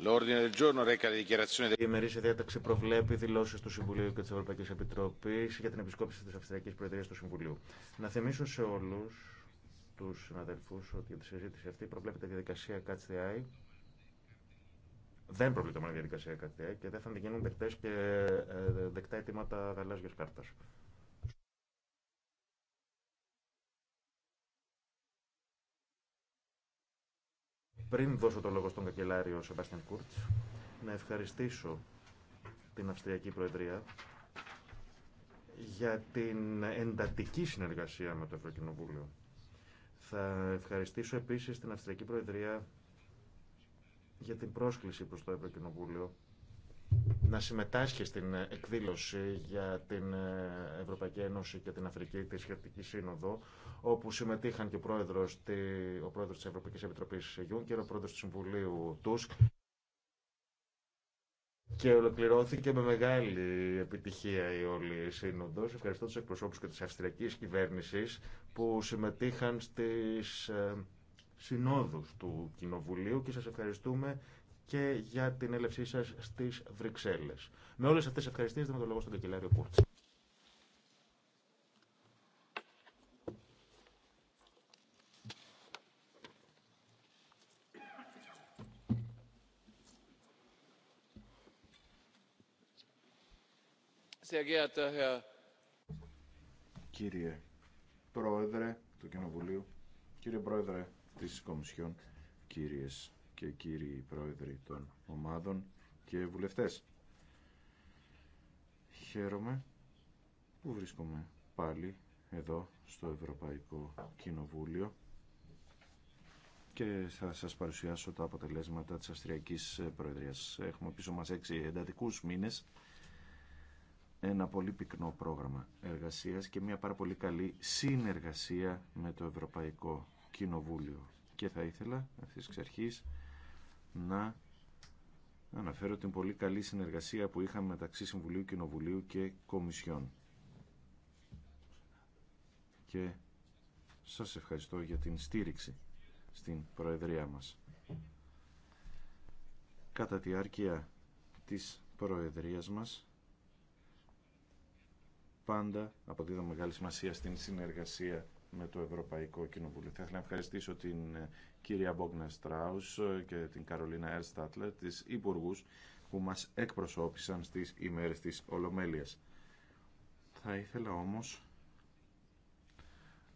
Η ημερήσια διάταξη προβλέπει δηλώσει του Συμβουλίου και τη Ευρωπαϊκή Επιτροπή για την επισκόπηση τη Αυστριακή Προεδρία του Συμβουλίου. Να θυμίσω σε όλου του συναδελφού ότι για τη συζήτηση αυτή προβλέπεται διαδικασία ΚΑΤΣΔΙ. Δεν προβλέπεται μόνο διαδικασία ΚΑΤΣΔΙ και δεν θα γίνουν δεκτέ και ε, δεκτά αιτήματα γαλάζια κάρτα. Πριν δώσω το λόγο στον καγκελάριο Σεμπάστιαν Κούρτ, να ευχαριστήσω την Αυστριακή Προεδρία για την εντατική συνεργασία με το Ευρωκοινοβούλιο. Θα ευχαριστήσω επίσης την Αυστριακή Προεδρία για την πρόσκληση προς το Ευρωκοινοβούλιο να συμμετάσχει στην ε, εκδήλωση για την ε, Ευρωπαϊκή Ένωση και την Αφρική, τη Σχετική Σύνοδο, όπου συμμετείχαν και ο πρόεδρο ο πρόεδρος της Ευρωπαϊκής Επιτροπής Γιούνκερ, ο πρόεδρος του Συμβουλίου Τούσκ, και ολοκληρώθηκε με μεγάλη επιτυχία η όλη σύνοδο. Ευχαριστώ του εκπροσώπου και τη Αυστριακή κυβέρνηση που συμμετείχαν στι ε, συνόδου του Κοινοβουλίου και σα ευχαριστούμε και για την έλευσή σα στι Βρυξέλλε. Με όλε αυτέ τι ευχαριστίε, δίνω το λόγο στον Κακελάριο Κούρτ. Κύριε Πρόεδρε του Κοινοβουλίου, κύριε Πρόεδρε της Κομισιόν, κύριες και κύριοι πρόεδροι των ομάδων και βουλευτές. Χαίρομαι που βρίσκομαι πάλι εδώ στο Ευρωπαϊκό Κοινοβούλιο και θα σας παρουσιάσω τα αποτελέσματα της Αυστριακής Προεδρίας. Έχουμε πίσω μας έξι εντατικούς μήνες, ένα πολύ πυκνό πρόγραμμα εργασίας και μια πάρα πολύ καλή συνεργασία με το Ευρωπαϊκό Κοινοβούλιο. Και θα ήθελα αυτής εξ αρχής να αναφέρω την πολύ καλή συνεργασία που είχαμε μεταξύ Συμβουλίου Κοινοβουλίου και Κομισιών. Και σας ευχαριστώ για την στήριξη στην Προεδρία μας. Κατά τη διάρκεια της Προεδρίας μας πάντα αποδίδω μεγάλη σημασία στην συνεργασία με το Ευρωπαϊκό Κοινοβούλιο. Θα ήθελα να ευχαριστήσω την ε, κυρία Μπόγνα Στράους ε, και την Καρολίνα Ερστάτλερ, τις υπουργού που μας εκπροσώπησαν στις ημέρες της Ολομέλειας. Θα ήθελα όμως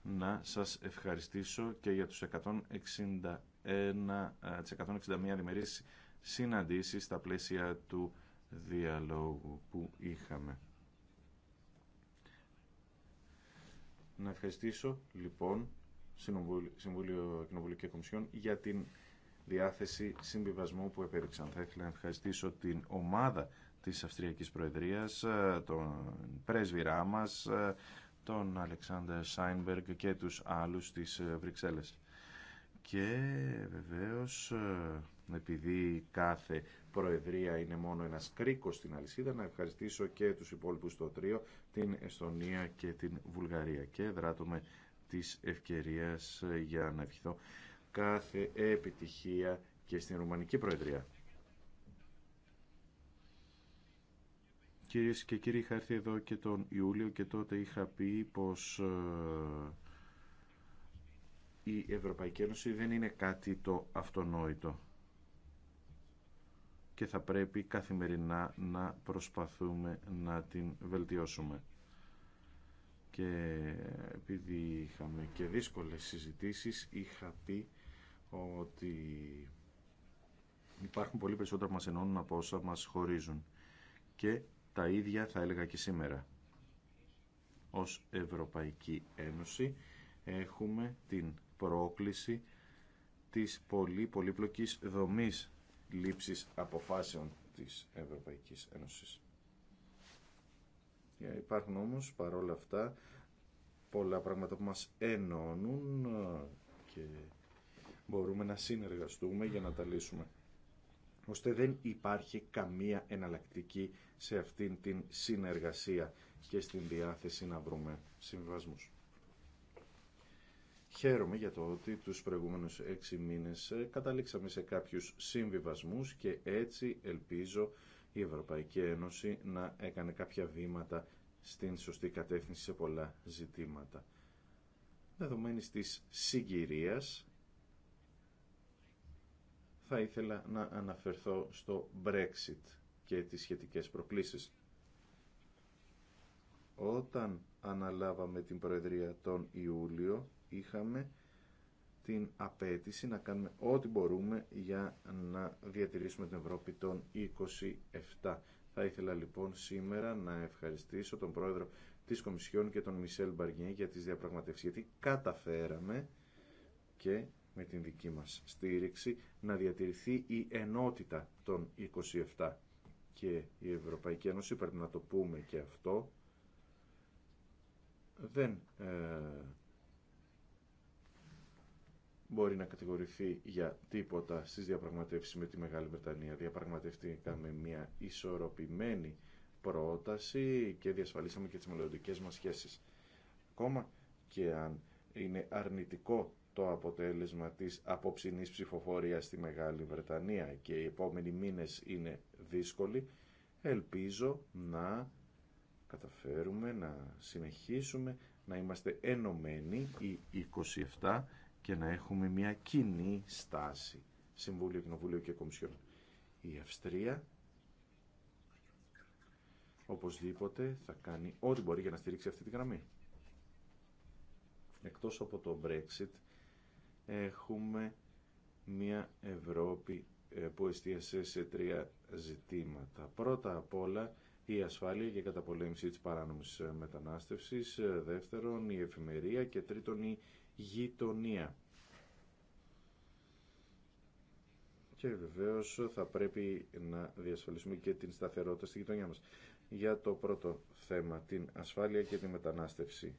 να σας ευχαριστήσω και για τους 161, ε, τις 161 διμερείς συναντήσεις στα πλαίσια του διαλόγου που είχαμε. Να ευχαριστήσω λοιπόν Συμβούλιο Κοινοβουλίου και Κομισιόν για την διάθεση συμβιβασμού που επέδειξαν. Θα ήθελα να ευχαριστήσω την ομάδα της Αυστριακής Προεδρίας, ε, τον πρέσβηρά μας, ε, τον Αλεξάνδρ Σάινμπεργκ και τους άλλους της ε, Βρυξέλλες και βεβαίως ε, επειδή κάθε προεδρία είναι μόνο ένας κρίκος στην αλυσίδα να ευχαριστήσω και τους υπόλοιπους στο τρίο την Εστονία και την Βουλγαρία και με της ευκαιρίας ε, για να ευχηθώ κάθε επιτυχία και στην Ρουμανική Προεδρία. Κυρίες και κύριοι, είχα έρθει εδώ και τον Ιούλιο και τότε είχα πει πως ε, η Ευρωπαϊκή Ένωση δεν είναι κάτι το αυτονόητο και θα πρέπει καθημερινά να προσπαθούμε να την βελτιώσουμε. Και επειδή είχαμε και δύσκολες συζητήσεις, είχα πει ότι υπάρχουν πολύ περισσότερα που μας ενώνουν από όσα μας χωρίζουν. Και τα ίδια θα έλεγα και σήμερα. Ως Ευρωπαϊκή Ένωση έχουμε την πρόκληση της πολύ πολύπλοκης δομής λήψης αποφάσεων της Ευρωπαϊκής Ένωσης. Ε, υπάρχουν όμως παρόλα αυτά πολλά πράγματα που μας ενώνουν ε, και μπορούμε να συνεργαστούμε για να τα λύσουμε. Ώστε δεν υπάρχει καμία εναλλακτική σε αυτήν την συνεργασία και στην διάθεση να βρούμε συμβασμούς. Χαίρομαι για το ότι τους προηγούμενους έξι μήνες ε, καταλήξαμε σε κάποιους συμβιβασμούς και έτσι ελπίζω η Ευρωπαϊκή Ένωση να έκανε κάποια βήματα στην σωστή κατεύθυνση σε πολλά ζητήματα. Δεδομένης της συγκυρίας, θα ήθελα να αναφερθώ στο Brexit και τις σχετικές προκλήσεις. Όταν αναλάβαμε την Προεδρία τον Ιούλιο, είχαμε την απέτηση να κάνουμε ό,τι μπορούμε για να διατηρήσουμε την Ευρώπη των 27. Θα ήθελα λοιπόν σήμερα να ευχαριστήσω τον πρόεδρο της Κομισιόν και τον Μισελ Μπαργιέ για τις διαπραγματεύσεις, γιατί καταφέραμε και με την δική μας στήριξη να διατηρηθεί η ενότητα των 27 και η Ευρωπαϊκή Ένωση, πρέπει να το πούμε και αυτό, δεν ε, μπορεί να κατηγορηθεί για τίποτα στις διαπραγματεύσεις με τη Μεγάλη Βρετανία. Διαπραγματευτήκαμε μια ισορροπημένη πρόταση και διασφαλίσαμε και τις μελλοντικέ μας σχέσεις. Ακόμα και αν είναι αρνητικό το αποτέλεσμα της απόψινής ψηφοφορίας στη Μεγάλη Βρετανία και οι επόμενοι μήνες είναι δύσκολοι, ελπίζω να καταφέρουμε να συνεχίσουμε να είμαστε ενωμένοι οι 27 και να έχουμε μια κοινή στάση Συμβούλιο, Κοινοβούλιο και Κομισιόν. Η Αυστρία οπωσδήποτε θα κάνει ό,τι μπορεί για να στηρίξει αυτή τη γραμμή. Εκτός από το Brexit έχουμε μια Ευρώπη ε, που εστίασε σε τρία ζητήματα. Πρώτα απ' όλα η ασφάλεια και η καταπολέμηση της παράνομης ε, μετανάστευσης, ε, δεύτερον η εφημερία και τρίτον η γειτονία. Και βεβαίως θα πρέπει να διασφαλίσουμε και την σταθερότητα στη γειτονιά μας. Για το πρώτο θέμα, την ασφάλεια και τη μετανάστευση.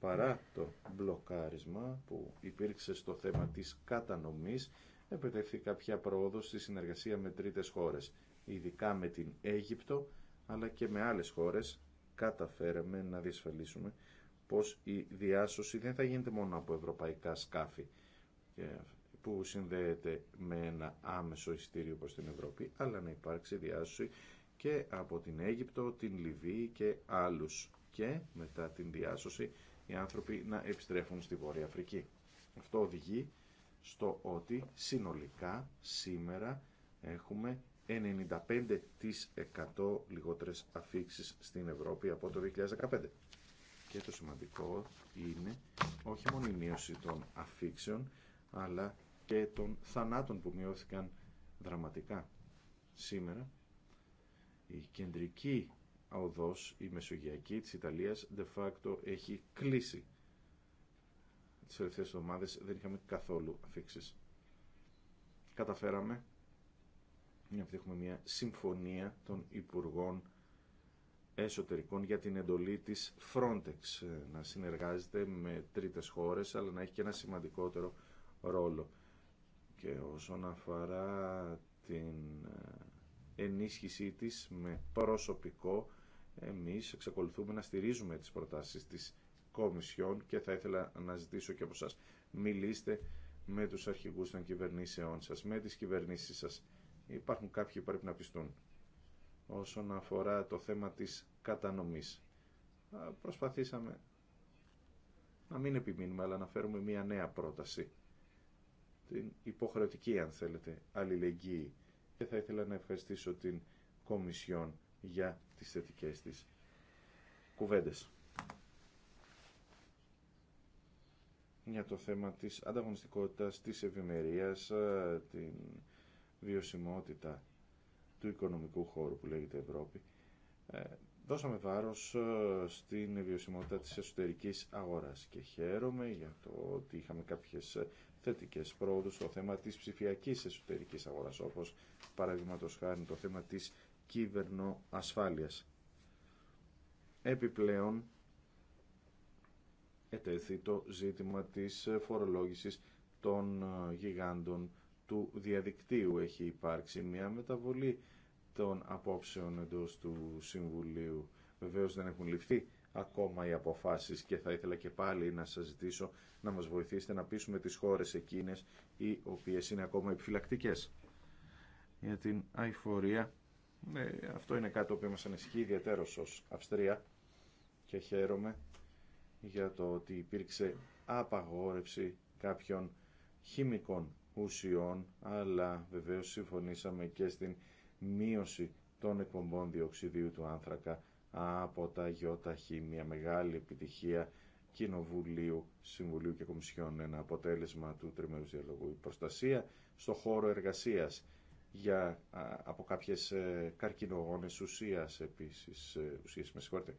Παρά το μπλοκάρισμα που υπήρξε στο θέμα της κατανομής, επετεύχθη κάποια πρόοδο στη συνεργασία με τρίτες χώρες. Ειδικά με την Αίγυπτο, αλλά και με άλλες χώρες, καταφέραμε να διασφαλίσουμε πως η διάσωση δεν θα γίνεται μόνο από ευρωπαϊκά σκάφη ε, που συνδέεται με ένα άμεσο εισιτήριο προς την Ευρώπη, αλλά να υπάρξει διάσωση και από την Αίγυπτο, την Λιβύη και άλλους. Και μετά την διάσωση οι άνθρωποι να επιστρέφουν στη Βόρεια Αφρική. Αυτό οδηγεί στο ότι συνολικά σήμερα έχουμε 95% λιγότερες αφήξεις στην Ευρώπη από το 2015 και το σημαντικό είναι όχι μόνο η μείωση των αφήξεων αλλά και των θανάτων που μειώθηκαν δραματικά σήμερα η κεντρική οδός η μεσογειακή της Ιταλίας de facto έχει κλείσει τις τελευταίες εβδομάδες δεν είχαμε καθόλου αφήξεις καταφέραμε να έχουμε μια συμφωνία των Υπουργών εσωτερικών για την εντολή της Frontex ε, να συνεργάζεται με τρίτες χώρες αλλά να έχει και ένα σημαντικότερο ρόλο και όσον αφορά την ε, ενίσχυσή της με προσωπικό εμείς εξακολουθούμε να στηρίζουμε τις προτάσεις της Κομισιόν και θα ήθελα να ζητήσω και από σας μιλήστε με τους αρχηγούς των κυβερνήσεών σας, με τις κυβερνήσεις σας. Υπάρχουν κάποιοι που πρέπει να πιστούν. Όσον αφορά το θέμα της κατανομής. Προσπαθήσαμε να μην επιμείνουμε, αλλά να φέρουμε μία νέα πρόταση. Την υποχρεωτική, αν θέλετε, αλληλεγγύη. Και θα ήθελα να ευχαριστήσω την Κομισιόν για τις θετικές της κουβέντες. Για το θέμα της ανταγωνιστικότητας, της ευημερία, την βιωσιμότητα του οικονομικού χώρου που λέγεται Ευρώπη. Ε, δώσαμε βάρος ε, στην βιωσιμότητα της εσωτερικής αγοράς και χαίρομαι για το ότι είχαμε κάποιες ε, θετικές πρόοδους στο θέμα της ψηφιακής εσωτερικής αγοράς όπως παραδείγματο χάρη το θέμα της κυβερνοασφάλειας. Επιπλέον ετέθη το ζήτημα της φορολόγησης των ε, γιγάντων του διαδικτύου. Έχει υπάρξει μια μεταβολή των απόψεων εντός του Συμβουλίου. Βεβαίως δεν έχουν ληφθεί ακόμα οι αποφάσεις και θα ήθελα και πάλι να σας ζητήσω να μας βοηθήσετε να πείσουμε τις χώρες εκείνες οι οποίες είναι ακόμα επιφυλακτικές. Για την αηφορία, ε, αυτό είναι κάτι που μας ανησυχεί ιδιαίτερο ως Αυστρία και χαίρομαι για το ότι υπήρξε απαγόρευση κάποιων χημικών ουσιών, αλλά βεβαίως συμφωνήσαμε και στην μείωση των εκπομπών διοξιδίου του άνθρακα από τα ΙΟΤΑΧΗ, μια μεγάλη επιτυχία Κοινοβουλίου, Συμβουλίου και Κομισιόν. ένα αποτέλεσμα του Τριμερού διαλόγου. Η προστασία στο χώρο εργασίας για, από κάποιες ε, καρκινογόνες ουσίας επίσης, ε, ουσίες με συγχωρείτε,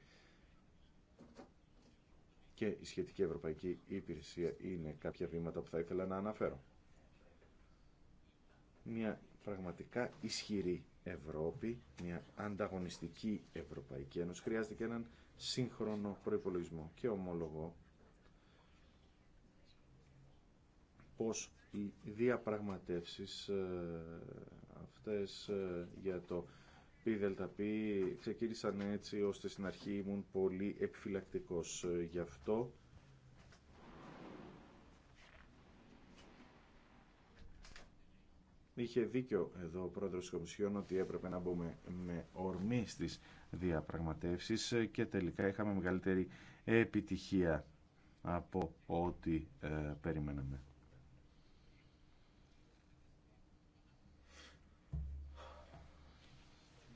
και η σχετική Ευρωπαϊκή Υπηρεσία είναι κάποια βήματα που θα ήθελα να αναφέρω. Μια πραγματικά ισχυρή Ευρώπη, μια ανταγωνιστική Ευρωπαϊκή Ένωση, χρειάζεται και έναν σύγχρονο προϋπολογισμό και ομολόγο. πως οι διαπραγματεύσεις ε, αυτές ε, για το ΠΔΠ ξεκίνησαν έτσι ώστε στην αρχή ήμουν πολύ επιφυλακτικός ε, γι' αυτό Είχε δίκιο εδώ ο πρόεδρος της Κομισιόν ότι έπρεπε να μπούμε με ορμή στις διαπραγματεύσεις και τελικά είχαμε μεγαλύτερη επιτυχία από ό,τι ε, περιμέναμε.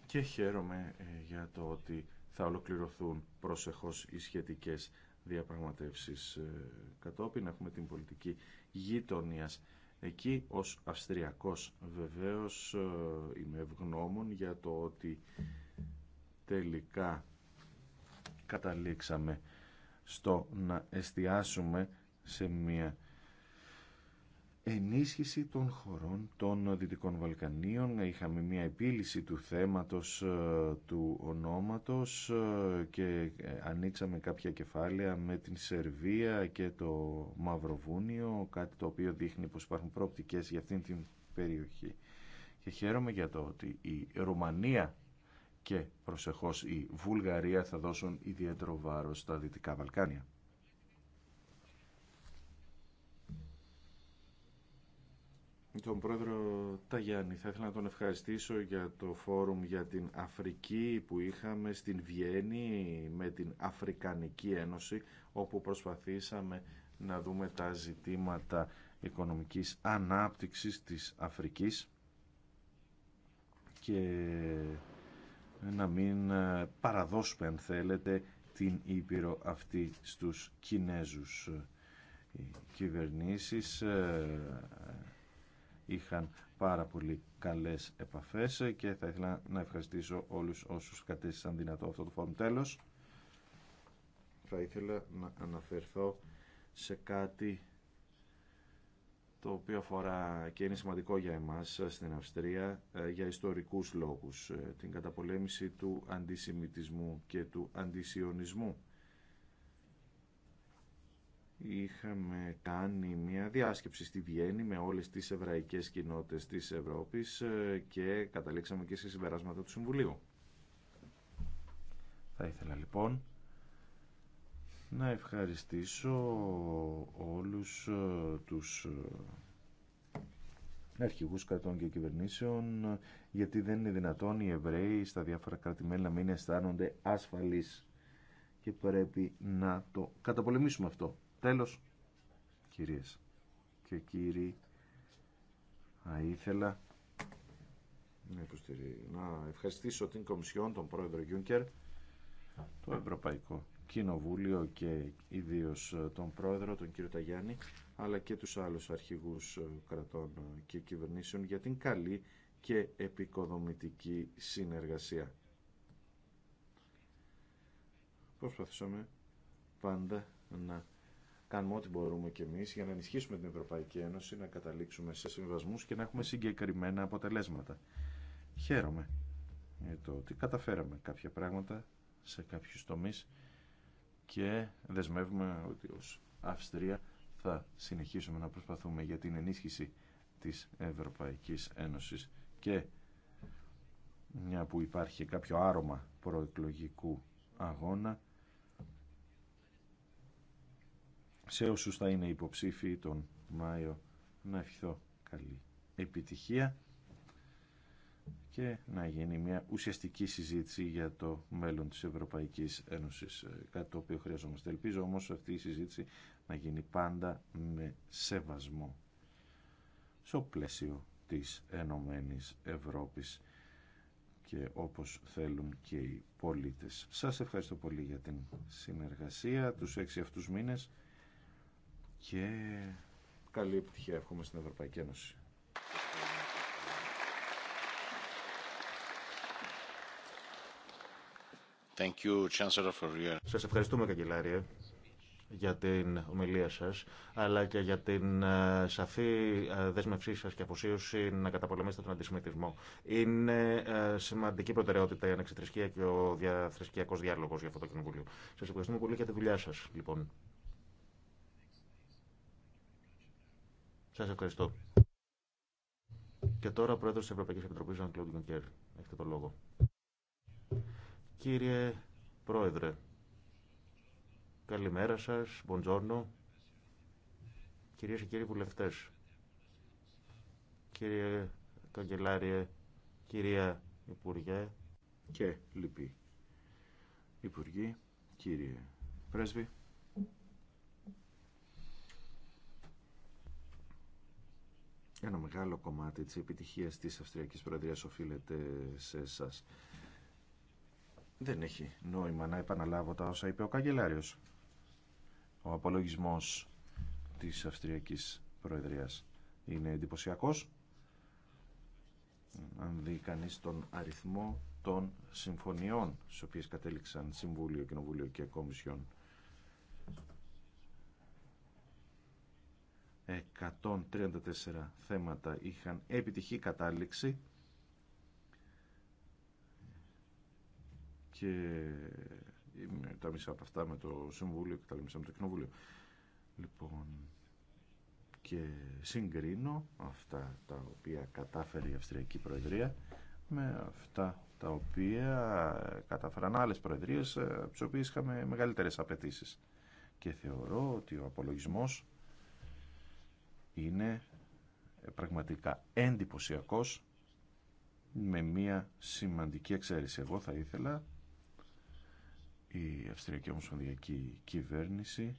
Και χαίρομαι ε, για το ότι θα ολοκληρωθούν προσεχώς οι σχετικές διαπραγματεύσεις ε, κατόπιν. Έχουμε την πολιτική γειτονίας Εκεί ως Αυστριακός βεβαίως ε, είμαι ευγνώμων για το ότι τελικά καταλήξαμε στο να εστιάσουμε σε μια ενίσχυση των χωρών των Δυτικών Βαλκανίων. Είχαμε μια επίλυση του θέματος ε, του ονόματος ε, και ε, ανοίξαμε κάποια κεφάλαια με την Σερβία και το Μαυροβούνιο, κάτι το οποίο δείχνει πως υπάρχουν προοπτικές για αυτήν την περιοχή. Και χαίρομαι για το ότι η Ρουμανία και προσεχώς η Βουλγαρία θα δώσουν ιδιαίτερο βάρος στα Δυτικά Βαλκάνια. τον πρόεδρο Ταγιάννη. Θα ήθελα να τον ευχαριστήσω για το φόρουμ για την Αφρική που είχαμε στην Βιέννη με την Αφρικανική Ένωση όπου προσπαθήσαμε να δούμε τα ζητήματα οικονομικής ανάπτυξης της Αφρικής και να μην παραδώσουμε αν θέλετε την Ήπειρο αυτή στους Κινέζους κυβερνήσεις ε, είχαν πάρα πολύ καλές επαφές και θα ήθελα να ευχαριστήσω όλους όσους κατέστησαν δυνατό αυτό το φόρουμ. Τέλος, θα ήθελα να αναφερθώ σε κάτι το οποίο αφορά και είναι σημαντικό για εμάς στην Αυστρία ε, για ιστορικούς λόγους, ε, την καταπολέμηση του αντισημιτισμού και του αντισιωνισμού είχαμε κάνει μια διάσκεψη στη Βιέννη με όλες τις εβραϊκές κοινότητες της Ευρώπης ε, και καταλήξαμε και σε συμπεράσματα του Συμβουλίου. Θα ήθελα λοιπόν να ευχαριστήσω όλους ε, τους ε, αρχηγούς κρατών και κυβερνήσεων γιατί δεν είναι δυνατόν οι Εβραίοι στα διάφορα κρατημένα να μην αισθάνονται ασφαλείς και πρέπει να το καταπολεμήσουμε αυτό. Τέλος, κυρίες και κύριοι, θα ήθελα να ευχαριστήσω την Κομισιόν, τον Πρόεδρο Γιούνκερ, το Ευρωπαϊκό Κοινοβούλιο και ιδίως ε, τον Πρόεδρο, τον κύριο Ταγιάννη, αλλά και τους άλλους αρχηγούς ε, κρατών και κυβερνήσεων για την καλή και επικοδομητική συνεργασία. Προσπαθήσαμε πάντα να κάνουμε ό,τι μπορούμε κι εμείς για να ενισχύσουμε την Ευρωπαϊκή Ένωση, να καταλήξουμε σε συμβασμούς και να έχουμε συγκεκριμένα αποτελέσματα. Χαίρομαι για το ότι καταφέραμε κάποια πράγματα σε κάποιους τομείς και δεσμεύουμε ότι ως Αυστρία θα συνεχίσουμε να προσπαθούμε για την ενίσχυση της Ευρωπαϊκής Ένωσης και μια που υπάρχει κάποιο άρωμα προεκλογικού αγώνα σε όσους θα είναι υποψήφοι τον Μάιο να ευχηθώ καλή επιτυχία και να γίνει μια ουσιαστική συζήτηση για το μέλλον της Ευρωπαϊκής Ένωσης, ε, κάτι το οποίο χρειαζόμαστε. Ελπίζω όμως αυτή η συζήτηση να γίνει πάντα με σεβασμό στο πλαίσιο της Ενωμένης Ευρώπης και όπως θέλουν και οι πολίτες. Σας ευχαριστώ πολύ για την συνεργασία τους έξι αυτούς μήνες και καλή επιτυχία εύχομαι στην Ευρωπαϊκή Ένωση. Thank you, Chancellor, Σας ευχαριστούμε, Καγκελάριε, για την ομιλία σας, αλλά και για την ε, σαφή ε, δέσμευσή σας και αφοσίωση να καταπολεμήσετε τον αντισημιτισμό. Είναι ε, σημαντική προτεραιότητα η ανεξιθρησκεία και ο διαθρησκειακός διάλογος για αυτό το κοινοβούλιο. Σας ευχαριστούμε πολύ για τη δουλειά σας, λοιπόν. Σα ευχαριστώ. Και τώρα ο Πρόεδρος τη Ευρωπαϊκή Επιτροπή, Ζαν Κλόντ Γιονκέρ. Έχετε το λόγο. Κύριε Πρόεδρε, καλημέρα σα, μποντζόρνο, Κύριε και κύριοι βουλευτέ, κύριε Καγκελάριε, κυρία Υπουργέ και λοιποί. Υπουργοί, κύριε Πρέσβη, ένα μεγάλο κομμάτι της επιτυχίας της Αυστριακής Προεδρίας οφείλεται σε εσά. Δεν έχει νόημα να επαναλάβω τα όσα είπε ο Καγκελάριος. Ο απολογισμός της Αυστριακής Προεδρίας είναι εντυπωσιακό. Αν δει κανείς τον αριθμό των συμφωνιών στις οποίες κατέληξαν Συμβούλιο, Κοινοβούλιο και Κομισιόν 134 θέματα είχαν επιτυχή κατάληξη και τα μισά από αυτά με το Συμβούλιο και τα μισά με το Κοινοβούλιο. Λοιπόν, και συγκρίνω αυτά τα οποία κατάφερε η Αυστριακή Προεδρία με αυτά τα οποία κατάφεραν άλλες προεδρίες ε, από τις οποίες είχαμε μεγαλύτερες απαιτήσεις. Και θεωρώ ότι ο απολογισμός είναι ε, πραγματικά εντυπωσιακό με μια σημαντική εξαίρεση. Εγώ θα ήθελα η Αυστριακή Ομοσπονδιακή Κυβέρνηση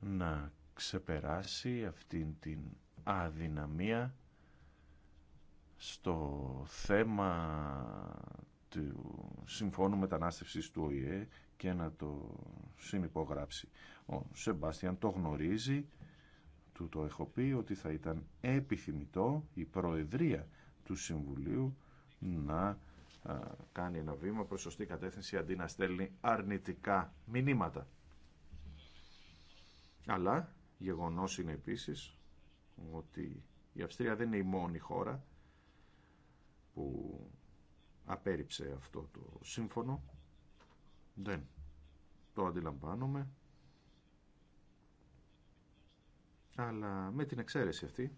να ξεπεράσει αυτήν την αδυναμία στο θέμα του Συμφώνου Μετανάστευσης του ΟΗΕ και να το συνυπογράψει. Ο Σεμπάστιαν το γνωρίζει του το έχω πει ότι θα ήταν επιθυμητό η Προεδρία του Συμβουλίου να κάνει ένα βήμα προς σωστή κατεύθυνση αντί να στέλνει αρνητικά μηνύματα. Αλλά γεγονός είναι επίσης ότι η Αυστρία δεν είναι η μόνη χώρα που απέρριψε αυτό το σύμφωνο. Δεν το αντιλαμβάνομαι αλλά με την εξαίρεση αυτή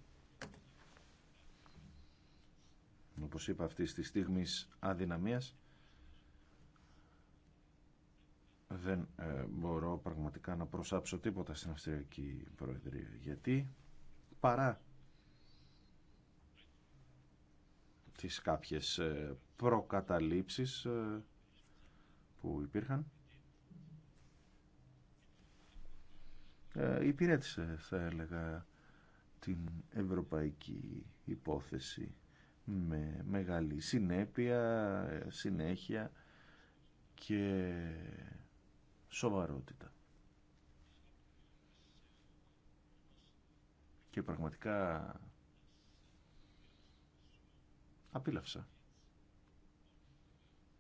όπως είπα αυτή τη στιγμή αδυναμίας δεν ε, μπορώ πραγματικά να προσάψω τίποτα στην Αυστριακή Προεδρία γιατί παρά τις κάποιες ε, προκαταλήψεις ε, που υπήρχαν Ε, υπηρέτησε θα έλεγα την ευρωπαϊκή υπόθεση με μεγάλη συνέπεια, ε, συνέχεια και σοβαρότητα. Και πραγματικά απίλαυσα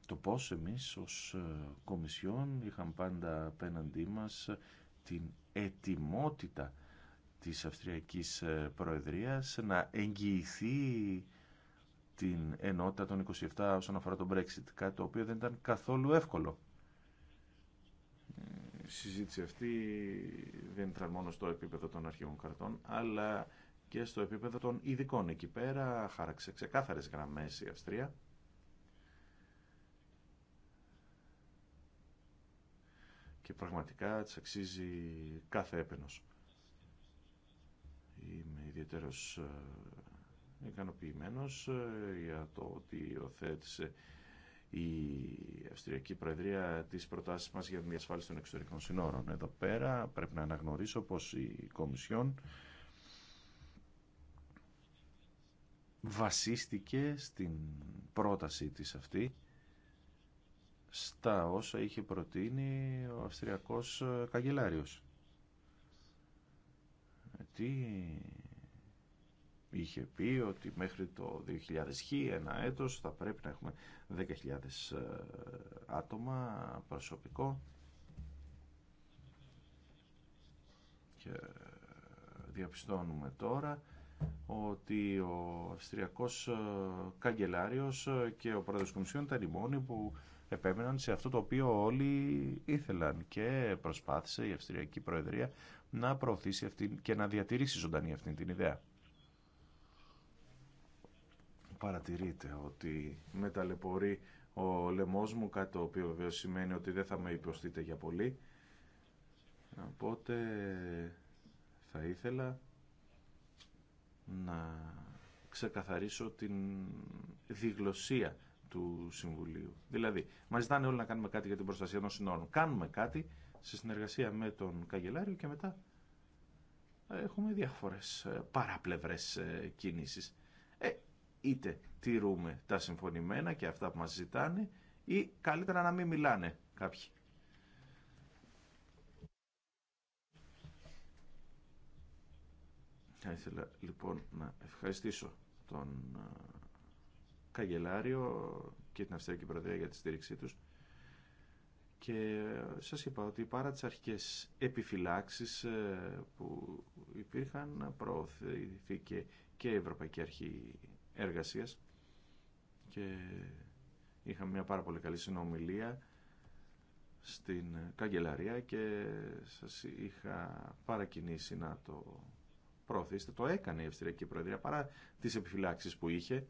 το πώς εμείς ως ε, Κομισιόν είχαμε πάντα απέναντί μας την ετοιμότητα της Αυστριακής ε, Προεδρίας να εγγυηθεί την ενότητα των 27 όσον αφορά τον Brexit, κάτι το οποίο δεν ήταν καθόλου εύκολο. Ε, η συζήτηση αυτή δεν ήταν μόνο στο επίπεδο των αρχηγών κρατών, αλλά και στο επίπεδο των ειδικών. Εκεί πέρα χάραξε ξεκάθαρες γραμμές η Αυστρία και πραγματικά της αξίζει κάθε έπαινος. Είμαι ιδιαίτερος ε, ικανοποιημένο ε, για το ότι υιοθέτησε η Αυστριακή Προεδρία τις προτάσεις μας για την διασφάλιση των εξωτερικών συνόρων. Εδώ πέρα πρέπει να αναγνωρίσω πως η Κομισιόν βασίστηκε στην πρόταση της αυτή στα όσα είχε προτείνει ο Αυστριακός Καγκελάριος. Γιατί είχε πει ότι μέχρι το 2000 ένα έτος θα πρέπει να έχουμε 10.000 ε, άτομα προσωπικό και διαπιστώνουμε τώρα ότι ο Αυστριακός ε, Καγκελάριος ε, και ο Πρόεδρος Κομισιόν ήταν οι μόνοι που επέμεναν σε αυτό το οποίο όλοι ήθελαν και προσπάθησε η Αυστριακή Προεδρία να προωθήσει και να διατηρήσει ζωντανή αυτή την ιδέα. Παρατηρείτε ότι με ταλαιπωρεί ο λαιμό μου, κάτι το οποίο βεβαίω σημαίνει ότι δεν θα με υποστείτε για πολύ. Οπότε θα ήθελα να ξεκαθαρίσω την διγλωσία του Συμβουλίου. Δηλαδή, μα ζητάνε όλοι να κάνουμε κάτι για την προστασία των συνόρων. Κάνουμε κάτι σε συνεργασία με τον Καγκελάριο και μετά έχουμε διάφορε ε, παραπλευρές ε, κινήσεις. Ε, είτε τηρούμε τα συμφωνημένα και αυτά που μας ζητάνε ή καλύτερα να μην μιλάνε κάποιοι. Θα ήθελα λοιπόν να ευχαριστήσω τον ε, και την Αυστριακή Προεδρία για τη στήριξή τους. Και ε, σας είπα ότι παρά τις αρχικές επιφυλάξεις ε, που υπήρχαν, προωθήθηκε και η Ευρωπαϊκή Αρχή Εργασίας και είχαμε μια πάρα πολύ καλή συνομιλία στην καγκελαρία και σας είχα παρακινήσει να το προωθήσετε. Το έκανε η Αυστριακή Προεδρία παρά τις επιφυλάξεις που είχε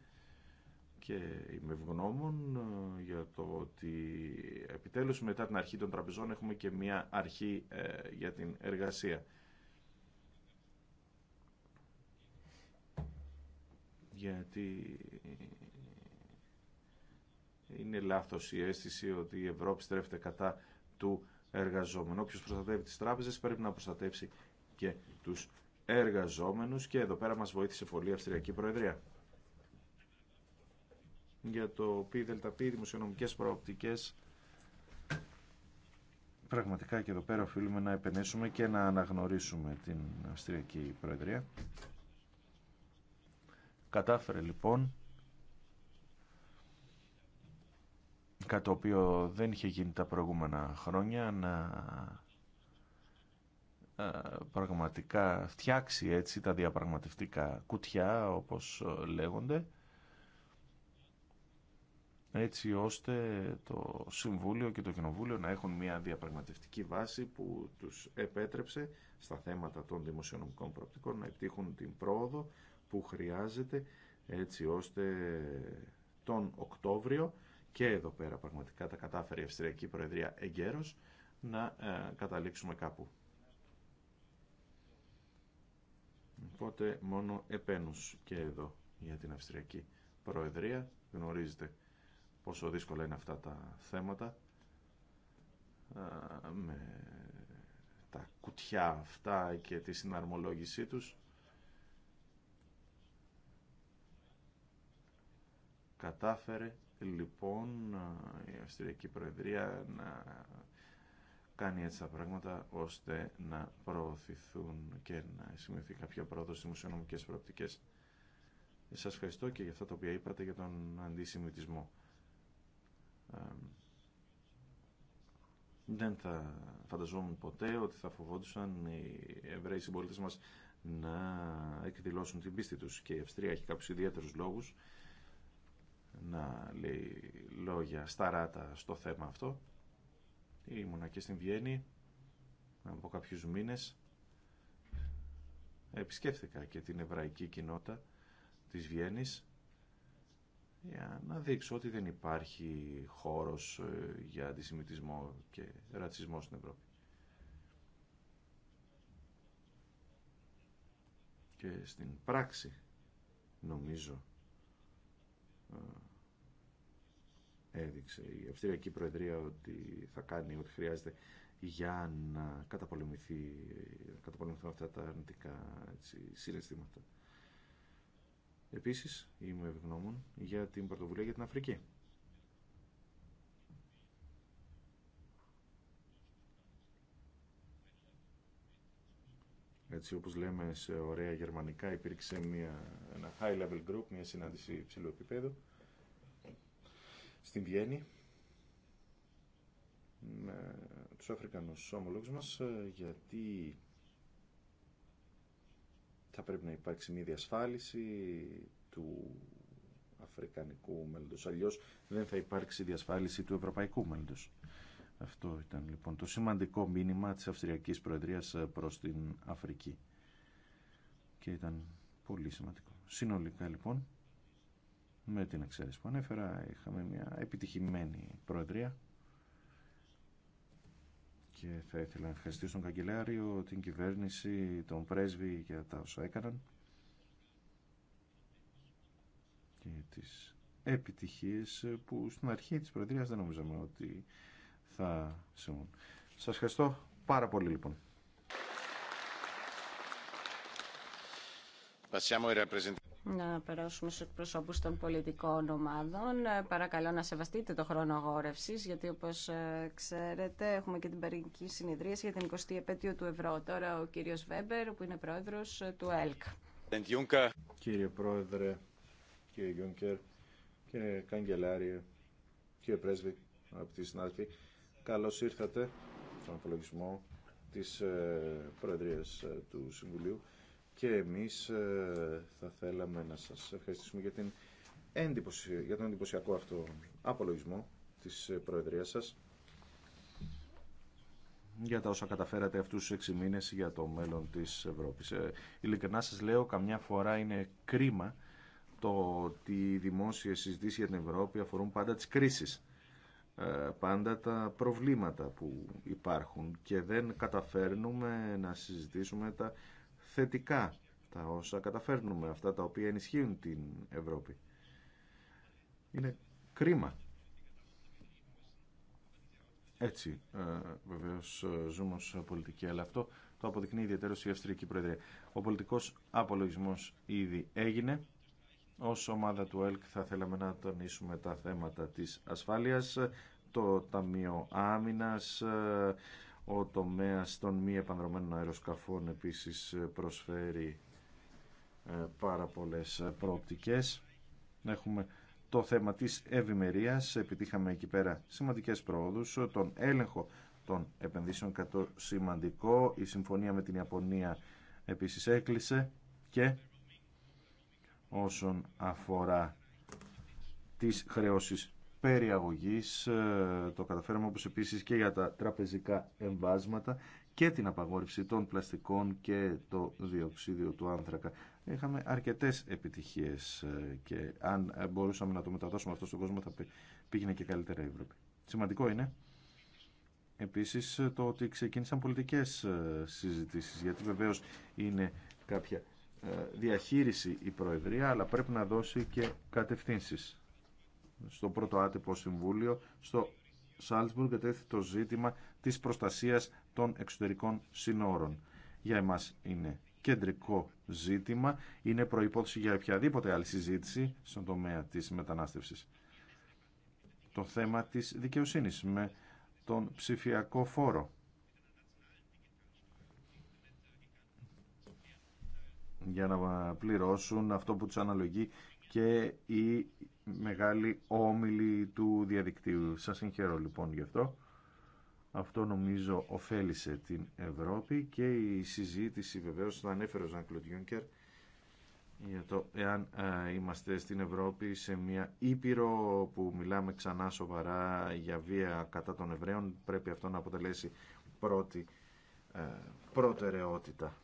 και είμαι ευγνώμων ε, για το ότι επιτέλους μετά την αρχή των τραπεζών έχουμε και μια αρχή ε, για την εργασία. Γιατί είναι λάθος η αίσθηση ότι η Ευρώπη στρέφεται κατά του εργαζόμενου. Όποιος προστατεύει τις τράπεζες πρέπει να προστατεύσει και τους εργαζόμενους και εδώ πέρα μας βοήθησε πολύ η Αυστριακή Προεδρία για το πί δημοσιονομικές προοπτικές. Πραγματικά και εδώ πέρα οφείλουμε να επενέσουμε και να αναγνωρίσουμε την Αυστριακή Προεδρία. Κατάφερε λοιπόν κάτι το οποίο δεν είχε γίνει τα προηγούμενα χρόνια να πραγματικά φτιάξει έτσι τα διαπραγματευτικά κουτιά όπως ε, λέγονται έτσι ώστε το Συμβούλιο και το Κοινοβούλιο να έχουν μια διαπραγματευτική βάση που τους επέτρεψε στα θέματα των δημοσιονομικών προοπτικών να επιτύχουν την πρόοδο που χρειάζεται έτσι ώστε τον Οκτώβριο και εδώ πέρα πραγματικά τα κατάφερε η Αυστριακή Προεδρία εγκαίρως να ε, καταλήξουμε κάπου. Οπότε μόνο επένους και εδώ για την Αυστριακή Προεδρία γνωρίζετε πόσο δύσκολα είναι αυτά τα θέματα με τα κουτιά αυτά και τη συναρμολόγησή τους κατάφερε λοιπόν η Αυστριακή Προεδρία να κάνει έτσι τα πράγματα ώστε να προωθηθούν και να σημειωθεί κάποια πρόοδο στις μουσιονομικές προοπτικές. Σας ευχαριστώ και για αυτά τα οποία είπατε για τον αντισημιτισμό δεν θα φανταζόμουν ποτέ ότι θα φοβόντουσαν οι Εβραίοι συμπολίτε μα να εκδηλώσουν την πίστη τους και η Αυστρία έχει κάποιους ιδιαίτερους λόγους να λέει λόγια σταράτα στο θέμα αυτό ήμουνα και στην Βιέννη από κάποιους μήνες επισκέφθηκα και την εβραϊκή κοινότητα της Βιέννης για να δείξω ότι δεν υπάρχει χώρος ε, για αντισημιτισμό και ρατσισμό στην Ευρώπη. Και στην πράξη νομίζω ε, έδειξε η Αυστριακή Προεδρία ότι θα κάνει ό,τι χρειάζεται για να καταπολεμηθεί, καταπολεμηθούν αυτά τα αρνητικά συναισθήματα. Επίσης, είμαι ευγνώμων για την πρωτοβουλία για την Αφρική. Έτσι όπως λέμε σε ωραία γερμανικά υπήρξε μια, ένα high level group, μια συνάντηση υψηλού επίπεδου στην Βιέννη με τους Αφρικανούς ομολόγους μας ε, γιατί θα πρέπει να υπάρξει μια διασφάλιση του αφρικανικού μέλλοντος. Αλλιώς δεν θα υπάρξει διασφάλιση του ευρωπαϊκού μέλλοντος. Αυτό ήταν λοιπόν το σημαντικό μήνυμα της Αυστριακής Προεδρίας ε, προς την Αφρική. Και ήταν πολύ σημαντικό. Συνολικά λοιπόν, με την εξαίρεση που ανέφερα, είχαμε μια επιτυχημένη Προεδρία και θα ήθελα να ευχαριστήσω τον Καγκελάριο, την κυβέρνηση, τον πρέσβη για τα όσα έκαναν και τις επιτυχίες που στην αρχή της Προεδρίας δεν νομίζαμε ότι θα συμβούν. Σας ευχαριστώ πάρα πολύ λοιπόν να περάσουμε στου εκπροσώπους των πολιτικών ομάδων. Ε, παρακαλώ να σεβαστείτε το χρόνο αγόρευση, γιατί όπω ε, ξέρετε έχουμε και την παρενική συνεδρίαση για την 20η επέτειο του ευρώ. Τώρα ο κύριο Βέμπερ, που είναι πρόεδρο ε, του ΕΛΚ. Κύριε Πρόεδρε, κύριε Γιούνκερ, κύριε Καγκελάριε, κύριε Πρέσβη, αγαπητοί συνάδελφοι, καλώ ήρθατε στον απολογισμό τη προεδρία του Συμβουλίου και εμείς ε, θα θέλαμε να σας ευχαριστήσουμε για, την για τον εντυπωσιακό αυτό απολογισμό της ε, Προεδρίας σας για τα όσα καταφέρατε αυτούς τους έξι μήνες για το μέλλον της Ευρώπης. Ε, ειλικρινά σας λέω, καμιά φορά είναι κρίμα το ότι οι δημόσιες συζητήσεις για την Ευρώπη αφορούν πάντα τις κρίσεις, πάντα τα προβλήματα που υπάρχουν και δεν καταφέρνουμε να συζητήσουμε τα θετικά τα όσα καταφέρνουμε, αυτά τα οποία ενισχύουν την Ευρώπη. Είναι κρίμα. Έτσι, ε, βεβαίως ε, ζούμε ως πολιτική, αλλά αυτό το αποδεικνύει ιδιαίτερο η Αυστριακή Προεδρία. Ο πολιτικός απολογισμός ήδη έγινε. Ως ομάδα του ΕΛΚ θα θέλαμε να τονίσουμε τα θέματα της ασφάλειας, το Ταμείο Άμυνας, ε, ο τομέας των μη επανδρομένων αεροσκαφών επίσης ε, προσφέρει ε, πάρα πολλές ε, προοπτικές. Έχουμε το θέμα της ευημερία. Επιτύχαμε εκεί πέρα σημαντικές προόδους. Τον έλεγχο των επενδύσεων κατ' σημαντικό. Η συμφωνία με την Ιαπωνία επίσης έκλεισε και όσον αφορά τις χρεώσεις περιαγωγής, ε, το καταφέραμε όπως επίσης και για τα τραπεζικά εμβάσματα και την απαγόρευση των πλαστικών και το διοξίδιο του άνθρακα. Είχαμε αρκετές επιτυχίες ε, και αν μπορούσαμε να το μεταδώσουμε αυτό στον κόσμο θα πήγαινε και καλύτερα η Ευρώπη. Σημαντικό είναι επίσης το ότι ξεκίνησαν πολιτικές ε, συζητήσεις γιατί βεβαίως είναι κάποια διαχείριση η Προεδρία αλλά πρέπει να δώσει και κατευθύνσεις στο πρώτο άτυπο συμβούλιο στο Σάλτσμπουργκ ετέθη το ζήτημα της προστασίας των εξωτερικών συνόρων. Για εμάς είναι κεντρικό ζήτημα, είναι προϋπόθεση για οποιαδήποτε άλλη συζήτηση στον τομέα της μετανάστευσης. Το θέμα της δικαιοσύνης με τον ψηφιακό φόρο. για να πληρώσουν αυτό που τους αναλογεί και οι μεγάλη όμιλη του διαδικτύου. Σας συγχαίρω λοιπόν γι' αυτό. Αυτό νομίζω ωφέλησε την Ευρώπη και η συζήτηση βεβαίως θα ανέφερε ο Ζανκλοντ Γιούνκερ για το εάν είμαστε στην Ευρώπη σε μια ήπειρο που μιλάμε ξανά σοβαρά για βία κατά των Εβραίων πρέπει αυτό να αποτελέσει πρώτη προτεραιότητα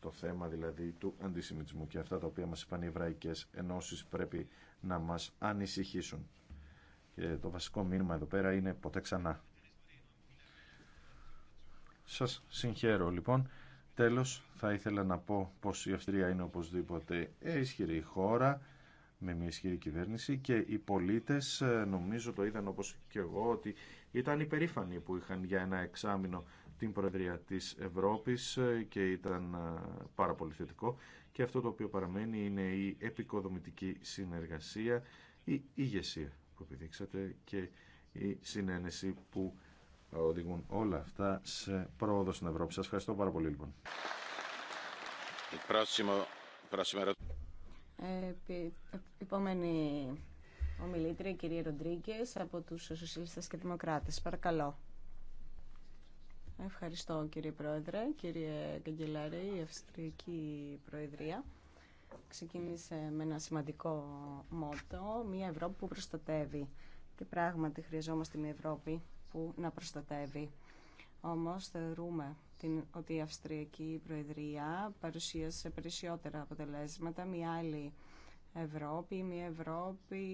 το θέμα δηλαδή του αντισημιτισμού και αυτά τα οποία μας είπαν οι εβραϊκές ενώσεις πρέπει να μας ανησυχήσουν. Και το βασικό μήνυμα εδώ πέρα είναι ποτέ ξανά. Σας συγχαίρω λοιπόν. Τέλος θα ήθελα να πω πως η Αυστρία είναι οπωσδήποτε ισχυρή χώρα με μια ισχυρή κυβέρνηση και οι πολίτες ε, νομίζω το είδαν όπως και εγώ ότι ήταν υπερήφανοι που είχαν για ένα εξάμεινο την Προεδρία της Ευρώπης ε, και ήταν ε, πάρα πολύ θετικό και αυτό το οποίο παραμένει είναι η επικοδομητική συνεργασία, η ηγεσία που επιδείξατε και η συνένεση που οδηγούν όλα αυτά σε πρόοδο στην Ευρώπη. Σας ευχαριστώ πάρα πολύ λοιπόν. Επόμενη ομιλήτρια, η κυρία Ροντρίγκε από τους Σοσιαλιστές και Δημοκράτες. Παρακαλώ. Ευχαριστώ κύριε Πρόεδρε, κύριε Καγκελάρη, η Αυστριακή Προεδρία ξεκίνησε με ένα σημαντικό μότο, μια Ευρώπη που προστατεύει. Και πράγματι χρειαζόμαστε μια Ευρώπη που να προστατεύει. Όμως θεωρούμε την, ότι η Αυστριακή Προεδρία παρουσίασε περισσότερα αποτελέσματα, μια άλλη Ευρώπη, μια Ευρώπη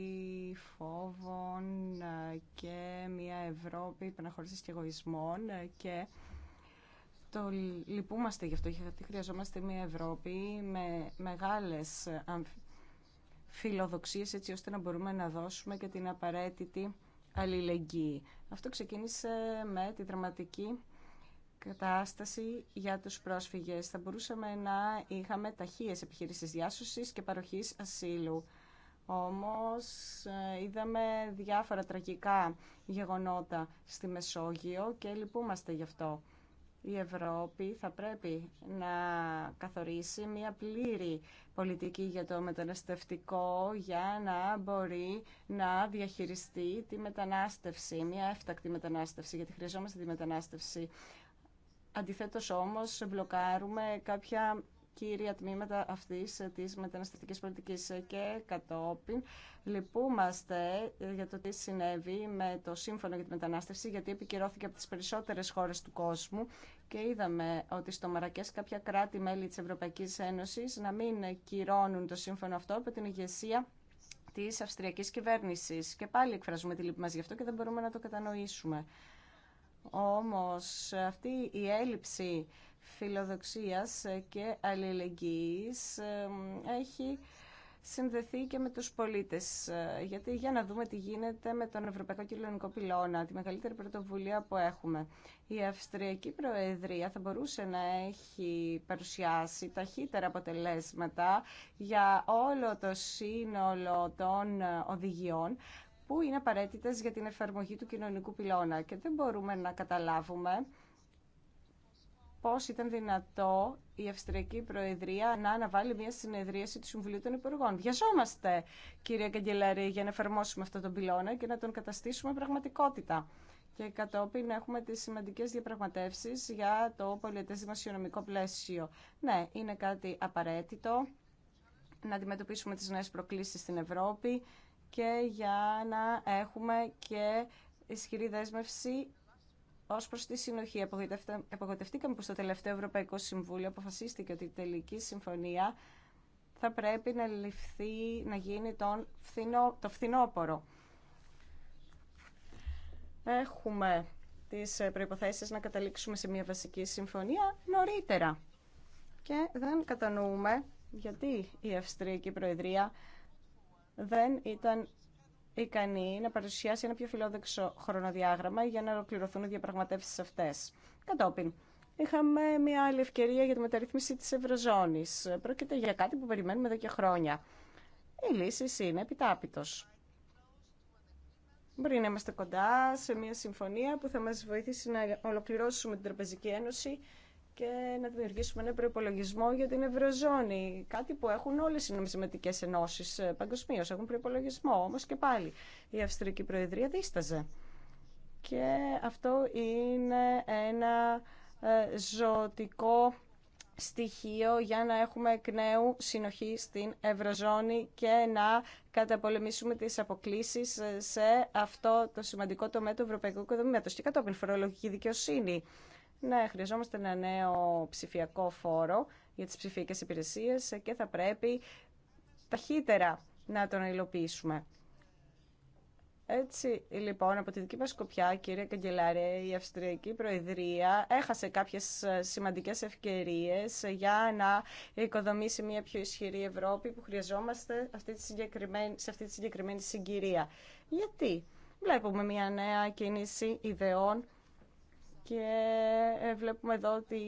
φόβων ε, και μια Ευρώπη επαναχωρήσεις και εγωισμών ε, και το λυπούμαστε γι' αυτό γιατί χρειαζόμαστε μια Ευρώπη με μεγάλες φιλοδοξίες έτσι ώστε να μπορούμε να δώσουμε και την απαραίτητη αλληλεγγύη. Αυτό ξεκίνησε με τη δραματική κατάσταση για τους πρόσφυγες. Θα μπορούσαμε να είχαμε ταχείες επιχειρήσεις διάσωσης και παροχής ασύλου. Όμως ε, είδαμε διάφορα τραγικά γεγονότα στη Μεσόγειο και λυπούμαστε γι' αυτό. Η Ευρώπη θα πρέπει να καθορίσει μια πλήρη πολιτική για το μεταναστευτικό για να μπορεί να διαχειριστεί τη μετανάστευση, μια έφτακτη μετανάστευση, γιατί χρειαζόμαστε τη μετανάστευση. Αντιθέτως όμως μπλοκάρουμε κάποια κύρια τμήματα αυτής της μεταναστευτικής πολιτικής και κατόπιν. Λυπούμαστε για το τι συνέβη με το Σύμφωνο για τη Μετανάστευση, γιατί επικυρώθηκε από τις περισσότερες χώρες του κόσμου και είδαμε ότι στο Μαρακές κάποια κράτη-μέλη της Ευρωπαϊκής Ένωσης να μην κυρώνουν το σύμφωνο αυτό από την ηγεσία της αυστριακής κυβέρνησης. Και πάλι εκφράζουμε τη λύπη μας γι' αυτό και δεν μπορούμε να το κατανοήσουμε. Όμως αυτή η έλλειψη φιλοδοξίας και αλληλεγγύης έχει συνδεθεί και με τους πολίτες. Γιατί για να δούμε τι γίνεται με τον Ευρωπαϊκό Κοινωνικό Πυλώνα, τη μεγαλύτερη πρωτοβουλία που έχουμε. Η Αυστριακή Προεδρία θα μπορούσε να έχει παρουσιάσει ταχύτερα αποτελέσματα για όλο το σύνολο των οδηγιών που είναι απαραίτητε για την εφαρμογή του κοινωνικού πυλώνα και δεν μπορούμε να καταλάβουμε πώς ήταν δυνατό η Αυστριακή Προεδρία να αναβάλει μια συνεδρίαση του Συμβουλίου των Υπουργών. Βιαζόμαστε, κύριε Καγκελαρή, για να εφαρμόσουμε αυτόν τον πυλώνα και να τον καταστήσουμε πραγματικότητα. Και κατόπιν έχουμε τις σημαντικές διαπραγματεύσεις για το πολιτές δημοσιονομικό πλαίσιο. Ναι, είναι κάτι απαραίτητο να αντιμετωπίσουμε τις νέες προκλήσεις στην Ευρώπη, και για να έχουμε και ισχυρή δέσμευση Ω προ τη συνοχή, απογοητευτήκαμε που το τελευταίο Ευρωπαϊκό Συμβούλιο αποφασίστηκε ότι η τελική συμφωνία θα πρέπει να ληφθεί, να γίνει τον φθινό, το φθινόπωρο. Έχουμε τις προϋποθέσεις να καταλήξουμε σε μια βασική συμφωνία νωρίτερα. Και δεν κατανοούμε γιατί η Αυστριακή Προεδρία δεν ήταν ικανή να παρουσιάσει ένα πιο φιλόδεξο χρονοδιάγραμμα για να ολοκληρωθούν οι διαπραγματεύσεις αυτές. Κατόπιν, είχαμε μια άλλη ευκαιρία για τη μεταρρύθμιση της Ευρωζώνης. Πρόκειται για κάτι που περιμένουμε εδώ και χρόνια. Η λύση είναι επιτάπητος. Μπορεί να είμαστε κοντά σε μια συμφωνία που θα μας βοηθήσει να ολοκληρώσουμε την Τραπεζική Ένωση και να δημιουργήσουμε ένα προπολογισμό για την Ευρωζώνη. Κάτι που έχουν όλε οι νομισματικέ ενώσει ε, παγκοσμίω. Έχουν προπολογισμό. Όμω και πάλι η Αυστρική Προεδρία δίσταζε. Και αυτό είναι ένα ε, ζωτικό στοιχείο για να έχουμε εκ νέου συνοχή στην Ευρωζώνη και να καταπολεμήσουμε τις αποκλίσεις ε, σε αυτό το σημαντικό τομέα του Ευρωπαϊκού Οικοδομήματος και κατόπιν φορολογική δικαιοσύνη. Ναι, χρειαζόμαστε ένα νέο ψηφιακό φόρο για τις ψηφιακές υπηρεσίες και θα πρέπει ταχύτερα να τον υλοποιήσουμε. Έτσι, λοιπόν, από τη δική μας σκοπιά, κύριε Καγκελάρε, η Αυστριακή Προεδρία έχασε κάποιες ε, σημαντικές ευκαιρίες για να οικοδομήσει μια πιο ισχυρή Ευρώπη που χρειαζόμαστε αυτή τη συγκεκριμένη, σε αυτή τη συγκεκριμένη συγκυρία. Γιατί βλέπουμε μια νέα κίνηση ιδεών και ε, βλέπουμε εδώ ότι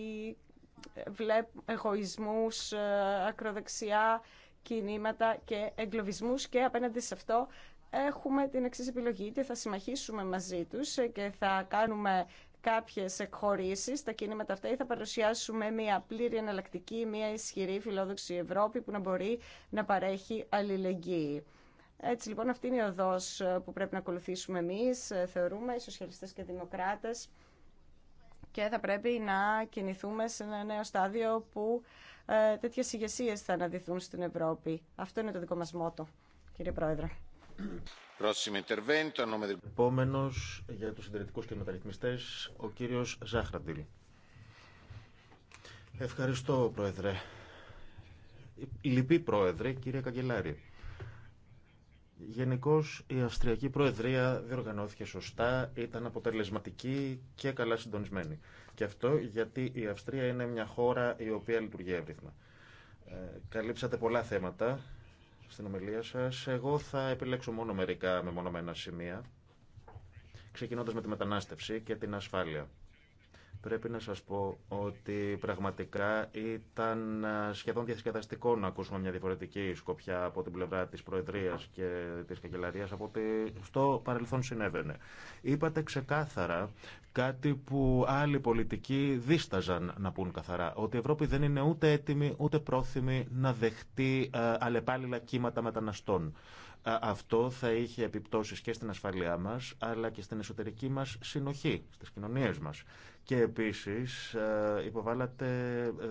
ε, βλέπουμε εγωισμούς, ε, ακροδεξιά κινήματα και εγκλωβισμούς και απέναντι σε αυτό έχουμε την εξή επιλογή, είτε θα συμμαχίσουμε μαζί τους και θα κάνουμε κάποιες εκχωρήσεις στα κίνηματα αυτά ή θα παρουσιάσουμε μια πλήρη εναλλακτική, μια ισχυρή φιλόδοξη Ευρώπη που να μπορεί να παρέχει αλληλεγγύη. Έτσι λοιπόν αυτή είναι η οδός που πρέπει να ακολουθήσουμε εμείς, θεωρούμε, οι σοσιαλιστές και δημοκράτες και θα πρέπει να κινηθούμε σε ένα νέο στάδιο που ε, τέτοιε ηγεσίε θα αναδυθούν στην Ευρώπη. Αυτό είναι το δικό μα μότο, κύριε Πρόεδρε. Επόμενο για του συντηρητικού και μεταρρυθμιστέ, ο κύριο Ζάχραντιλ. Ευχαριστώ, Πρόεδρε. Λυπή Πρόεδρε, κύριε Καγκελάρη. Γενικώ η Αυστριακή Προεδρία διοργανώθηκε σωστά, ήταν αποτελεσματική και καλά συντονισμένη. Και αυτό γιατί η Αυστρία είναι μια χώρα η οποία λειτουργεί εύρυθμα. Ε, καλύψατε πολλά θέματα στην ομιλία σας. Εγώ θα επιλέξω μόνο μερικά μεμονωμένα σημεία, ξεκινώντας με τη μετανάστευση και την ασφάλεια. Πρέπει να σας πω ότι πραγματικά ήταν ε, σχεδόν διασκεδαστικό να ακούσουμε μια διαφορετική σκοπιά από την πλευρά της Προεδρίας και της Καγκελαρίας από ότι στο παρελθόν συνέβαινε. Είπατε ξεκάθαρα κάτι που άλλοι πολιτικοί δίσταζαν να πούν καθαρά, ότι η Ευρώπη δεν είναι ούτε έτοιμη ούτε πρόθυμη να δεχτεί ε, αλλεπάλληλα κύματα μεταναστών. Ε, αυτό θα είχε επιπτώσεις και στην ασφαλεία μας, αλλά και στην εσωτερική μας συνοχή, στις κοινωνίες μας. Και επίσης ε, υποβάλλατε ε,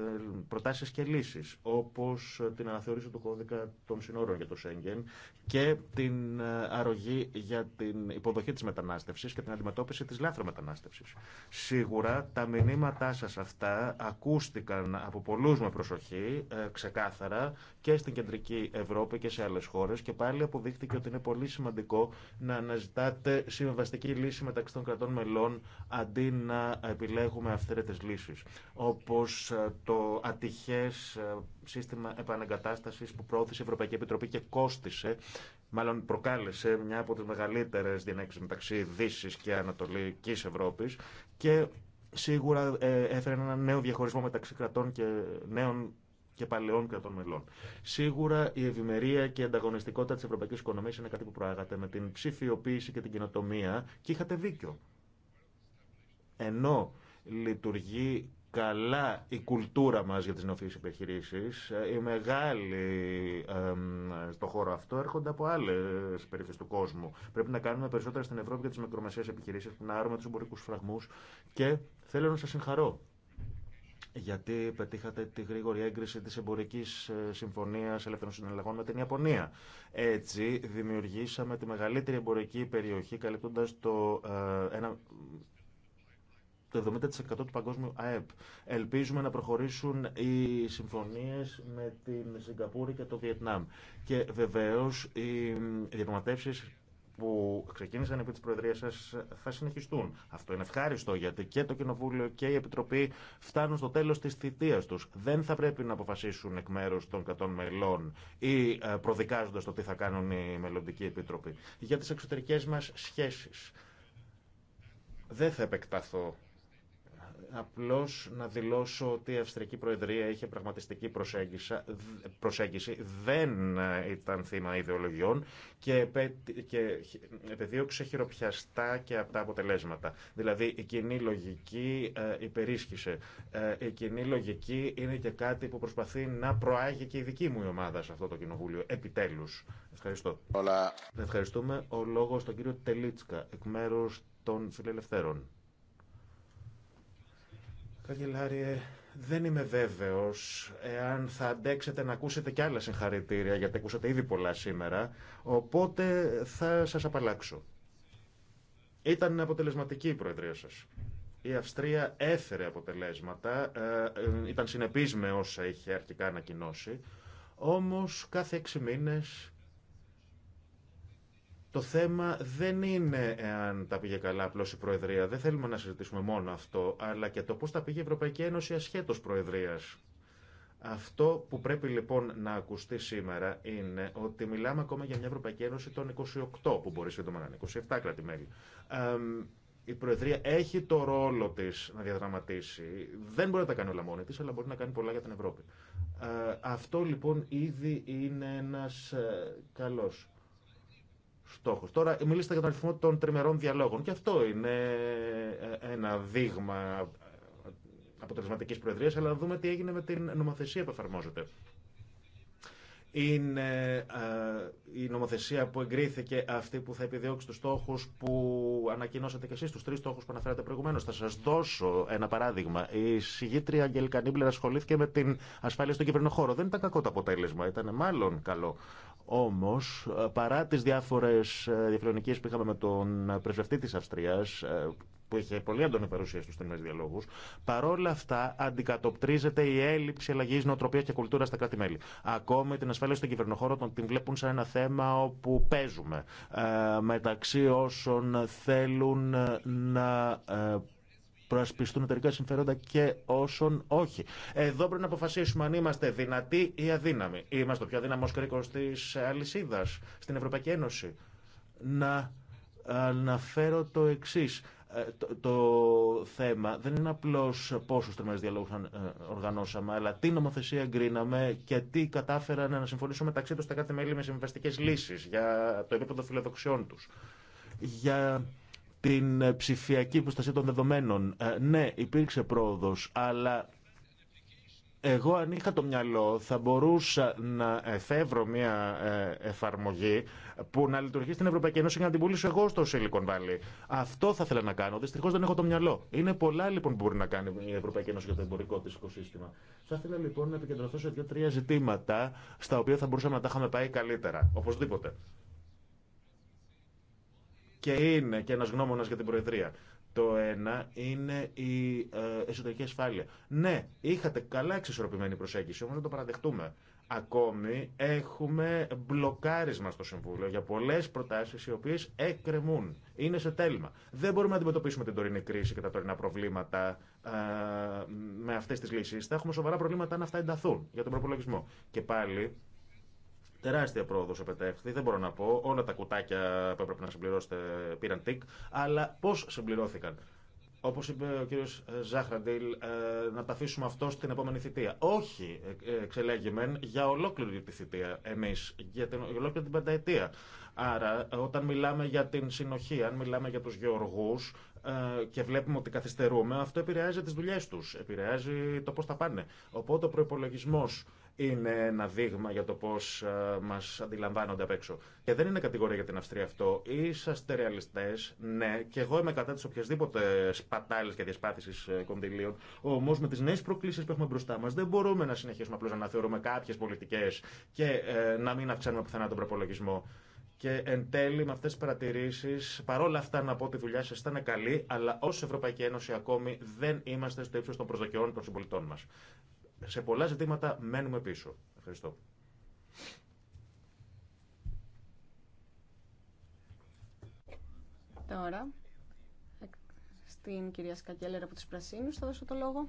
προτάσεις και λύσεις, όπως την αναθεωρήση του κώδικα των συνόρων για το Σέγγεν και την ε, αρρωγή για την υποδοχή της μετανάστευσης και την αντιμετώπιση της λάθρομετανάστευσης. Σίγουρα τα μηνύματά σας αυτά ακούστηκαν από πολλούς με προσοχή, ξεκάθαρα, και στην κεντρική Ευρώπη και σε άλλες χώρες και πάλι αποδείχθηκε ότι είναι πολύ σημαντικό να αναζητάτε συμβαστική λύση μεταξύ των κρατών μελών αντί να επιλέγουμε αυθαίρετες λύσεις, όπως ε, το ατυχές ε, σύστημα επανεγκατάστασης που προώθησε η Ευρωπαϊκή Επιτροπή και κόστισε μάλλον προκάλεσε μια από τις μεγαλύτερες διενέξεις μεταξύ Δύσης και Ανατολικής Ευρώπης και σίγουρα ε, έφερε ένα νέο διαχωρισμό μεταξύ κρατών και νέων και παλαιών κρατών μελών. Σίγουρα η ευημερία και η ανταγωνιστικότητα τη ευρωπαϊκή οικονομία είναι κάτι που προάγατε με την ψηφιοποίηση και την κοινοτομία και είχατε δίκιο ενώ λειτουργεί καλά η κουλτούρα μας για τις νοφείς επιχειρήσεις, ε, οι μεγάλοι στο χώρο αυτό έρχονται από άλλες περιοχές του κόσμου. Πρέπει να κάνουμε περισσότερα στην Ευρώπη για τις μικρομεσαίες επιχειρήσεις, να άρουμε τους εμπορικούς φραγμούς και θέλω να σας συγχαρώ γιατί πετύχατε τη γρήγορη έγκριση της εμπορικής ε, συμφωνίας ελεύθερων συναλλαγών με την Ιαπωνία. Έτσι δημιουργήσαμε τη μεγαλύτερη εμπορική περιοχή καλύπτοντας το, ε, ένα το 70% του παγκόσμιου ΑΕΠ. Ελπίζουμε να προχωρήσουν οι συμφωνίες με την Σιγκαπούρη και το Βιετνάμ. Και βεβαίως οι διαπραγματεύσεις που ξεκίνησαν επί τη Προεδρία σα θα συνεχιστούν. Αυτό είναι ευχάριστο γιατί και το Κοινοβούλιο και η Επιτροπή φτάνουν στο τέλος τη θητείας τους. Δεν θα πρέπει να αποφασίσουν εκ μέρου των 100 μελών ή ε, προδικάζοντα το τι θα κάνουν οι μελλοντικοί Επίτροποι. Για τι εξωτερικέ μα σχέσει. Δεν θα επεκταθώ Απλώς να δηλώσω ότι η Αυστρική Προεδρία είχε πραγματιστική προσέγγιση, δεν ε, ήταν θύμα ιδεολογιών και επεδίωξε χειροπιαστά και αυτά αποτελέσματα. Δηλαδή η κοινή λογική ε, υπερίσχυσε. Ε, η κοινή λογική είναι και κάτι που προσπαθεί να προάγει και η δική μου η ομάδα σε αυτό το κοινοβούλιο. Επιτέλους. Ευχαριστώ. Ευχαριστούμε. Ο λόγος στον κύριο Τελίτσκα, εκ μέρους των φιλελευθέρων. Καγκελάριε, δεν είμαι βέβαιος εάν θα αντέξετε να ακούσετε κι άλλα συγχαρητήρια, γιατί ακούσατε ήδη πολλά σήμερα, οπότε θα σας απαλλάξω. Ήταν αποτελεσματική η προεδρία σας. Η Αυστρία έφερε αποτελέσματα, ε, ήταν συνεπής με όσα είχε αρχικά ανακοινώσει, όμως κάθε έξι μήνες το θέμα δεν είναι αν τα πήγε καλά απλώ η Προεδρία. Δεν θέλουμε να συζητήσουμε μόνο αυτό, αλλά και το πώ τα πήγε η Ευρωπαϊκή Ένωση ασχέτω Προεδρία. Αυτό που πρέπει λοιπόν να ακουστεί σήμερα είναι ότι μιλάμε ακόμα για μια Ευρωπαϊκή Ένωση των 28, που μπορεί σύντομα να είναι 27 κράτη-μέλη. Η Προεδρία έχει το ρόλο τη να διαδραματίσει. Δεν μπορεί να τα κάνει όλα μόνη τη, αλλά μπορεί να κάνει πολλά για την Ευρώπη. Αυτό λοιπόν ήδη είναι ένα ε, καλό Τώρα μιλήσατε για τον αριθμό των τριμερών διαλόγων και αυτό είναι ε, ένα δείγμα ε, αποτελεσματικής προεδρίας, αλλά να δούμε τι έγινε με την νομοθεσία που εφαρμόζεται. Είναι ε, η νομοθεσία που εγκρίθηκε αυτή που θα επιδιώξει τους στόχους που ανακοινώσατε και εσείς, τους τρεις στόχους που αναφέρατε προηγουμένως. Θα σας δώσω ένα παράδειγμα. Η συγγήτρια Αγγελικά ασχολήθηκε με την ασφάλεια στον κυβερνοχώρο. Δεν ήταν κακό το αποτέλεσμα, ήταν μάλλον καλό. Όμω, παρά τι διάφορε διαφιλονικίε που είχαμε με τον πρεσβευτή τη Αυστρία, ε, που είχε πολύ έντονη παρουσία στου τριμμένου διαλόγου, παρόλα αυτά αντικατοπτρίζεται η έλλειψη αλλαγή νοοτροπία και κουλτούρα στα κράτη-μέλη. Ακόμη την ασφάλεια στον κυβερνοχώρο τον την βλέπουν σαν ένα θέμα όπου παίζουμε ε, μεταξύ όσων θέλουν ε, να προασπιστούν εταιρικά συμφέροντα και όσων όχι. Εδώ πρέπει να αποφασίσουμε αν είμαστε δυνατοί ή αδύναμοι. Είμαστε ο πιο δύναμο κρίκο τη αλυσίδα στην Ευρωπαϊκή Ένωση. Να αναφέρω το εξή. Ε, το, θέμα δεν είναι απλώ πόσου τριμμένου διαλόγου ε, οργανώσαμε, αλλά τι νομοθεσία εγκρίναμε και τι κατάφεραν να συμφωνήσουν μεταξύ του τα κάθε μέλη με συμβαστικέ λύσει για το επίπεδο φιλοδοξιών του. Για την ε, ψηφιακή προστασία των δεδομένων. Ε, ναι, υπήρξε πρόοδος, αλλά εγώ αν είχα το μυαλό θα μπορούσα να εφεύρω μια ε, εφαρμογή που να λειτουργεί στην Ευρωπαϊκή Ένωση και να την πουλήσω εγώ στο Silicon Valley. Αυτό θα ήθελα να κάνω. Δυστυχώ δεν έχω το μυαλό. Είναι πολλά λοιπόν που μπορεί να κάνει η Ευρωπαϊκή Ένωση για το εμπορικό τη οικοσύστημα. Θα ήθελα λοιπόν να επικεντρωθώ σε δύο-τρία ζητήματα στα οποία θα μπορούσαμε να τα είχαμε πάει καλύτερα. Οπωσδήποτε και είναι και ένας γνώμονας για την Προεδρία. Το ένα είναι η ε, εσωτερική ασφάλεια. Ναι, είχατε καλά εξισορροπημένη προσέγγιση, όμως δεν το παραδεχτούμε. Ακόμη έχουμε μπλοκάρισμα στο Συμβούλιο για πολλέ προτάσει οι οποίε εκκρεμούν. Είναι σε τέλμα. Δεν μπορούμε να αντιμετωπίσουμε την τωρινή κρίση και τα τωρινά προβλήματα ε, με αυτέ τι λύσει. Θα έχουμε σοβαρά προβλήματα αν αυτά ενταθούν για τον προπολογισμό. Και πάλι Τεράστια πρόοδο επετέχθη, δεν μπορώ να πω. Όλα τα κουτάκια που έπρεπε να συμπληρώσετε πήραν τικ. Αλλά πώ συμπληρώθηκαν. Όπω είπε ο κύριο ε, Ζάχραντιλ, ε, να τα αφήσουμε αυτό στην επόμενη θητεία. Όχι, ε, εξελέγημεν, για ολόκληρη τη θητεία εμεί, για την ολόκληρη την πενταετία. Άρα, όταν μιλάμε για την συνοχή, αν μιλάμε για του γεωργού και βλέπουμε ότι καθυστερούμε, αυτό επηρεάζει τι δουλειέ του, επηρεάζει το πώ θα πάνε. Οπότε ο προπολογισμό είναι ένα δείγμα για το πώ ε, μα αντιλαμβάνονται απ' έξω. Και δεν είναι κατηγορία για την Αυστρία αυτό. Είσαστε ρεαλιστέ, ναι, και εγώ είμαι κατά τη οποιασδήποτε σπατάλη και διασπάθηση ε, κονδυλίων. Όμω με τι νέε προκλήσει που έχουμε μπροστά μα δεν μπορούμε να συνεχίσουμε απλώ να αναθεωρούμε κάποιε πολιτικέ και ε, να μην αυξάνουμε πουθενά τον προπολογισμό. Και εν τέλει, με αυτέ τι παρατηρήσει, παρόλα αυτά να πω ότι η δουλειά σα ήταν καλή, αλλά ω Ευρωπαϊκή Ένωση ακόμη δεν είμαστε στο ύψο των προσδοκιών των συμπολιτών μα σε πολλά ζητήματα μένουμε πίσω. Ευχαριστώ. Τώρα, στην κυρία Σκακέλερ από τους Πρασίνους θα δώσω το λόγο.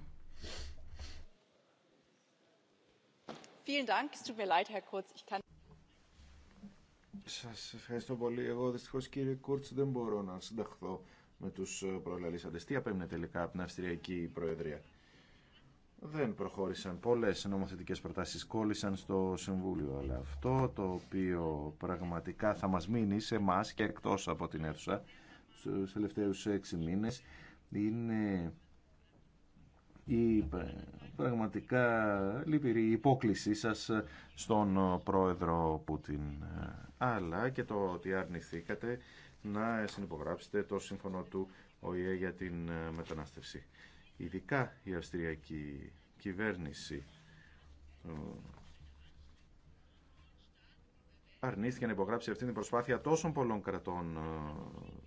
Σας ευχαριστώ πολύ. Εγώ δυστυχώ. κύριε Κούρτς δεν μπορώ να συνταχθώ με τους ε, προλαλήσαντες. Τι απέμεινε τελικά από την Αυστριακή Προεδρία δεν προχώρησαν. Πολλές νομοθετικές προτάσεις κόλλησαν στο Συμβούλιο, αλλά αυτό το οποίο πραγματικά θα μας μείνει σε εμά και εκτός από την αίθουσα στους τελευταίους έξι μήνες είναι η πραγματικά λυπηρή υπόκλησή σας στον πρόεδρο Πούτιν. Αλλά και το ότι αρνηθήκατε να συνυπογράψετε το σύμφωνο του ΟΗΕ για την μετανάστευση ειδικά η αυστριακή κυβέρνηση αρνήθηκε να υπογράψει αυτή την προσπάθεια τόσων πολλών κρατών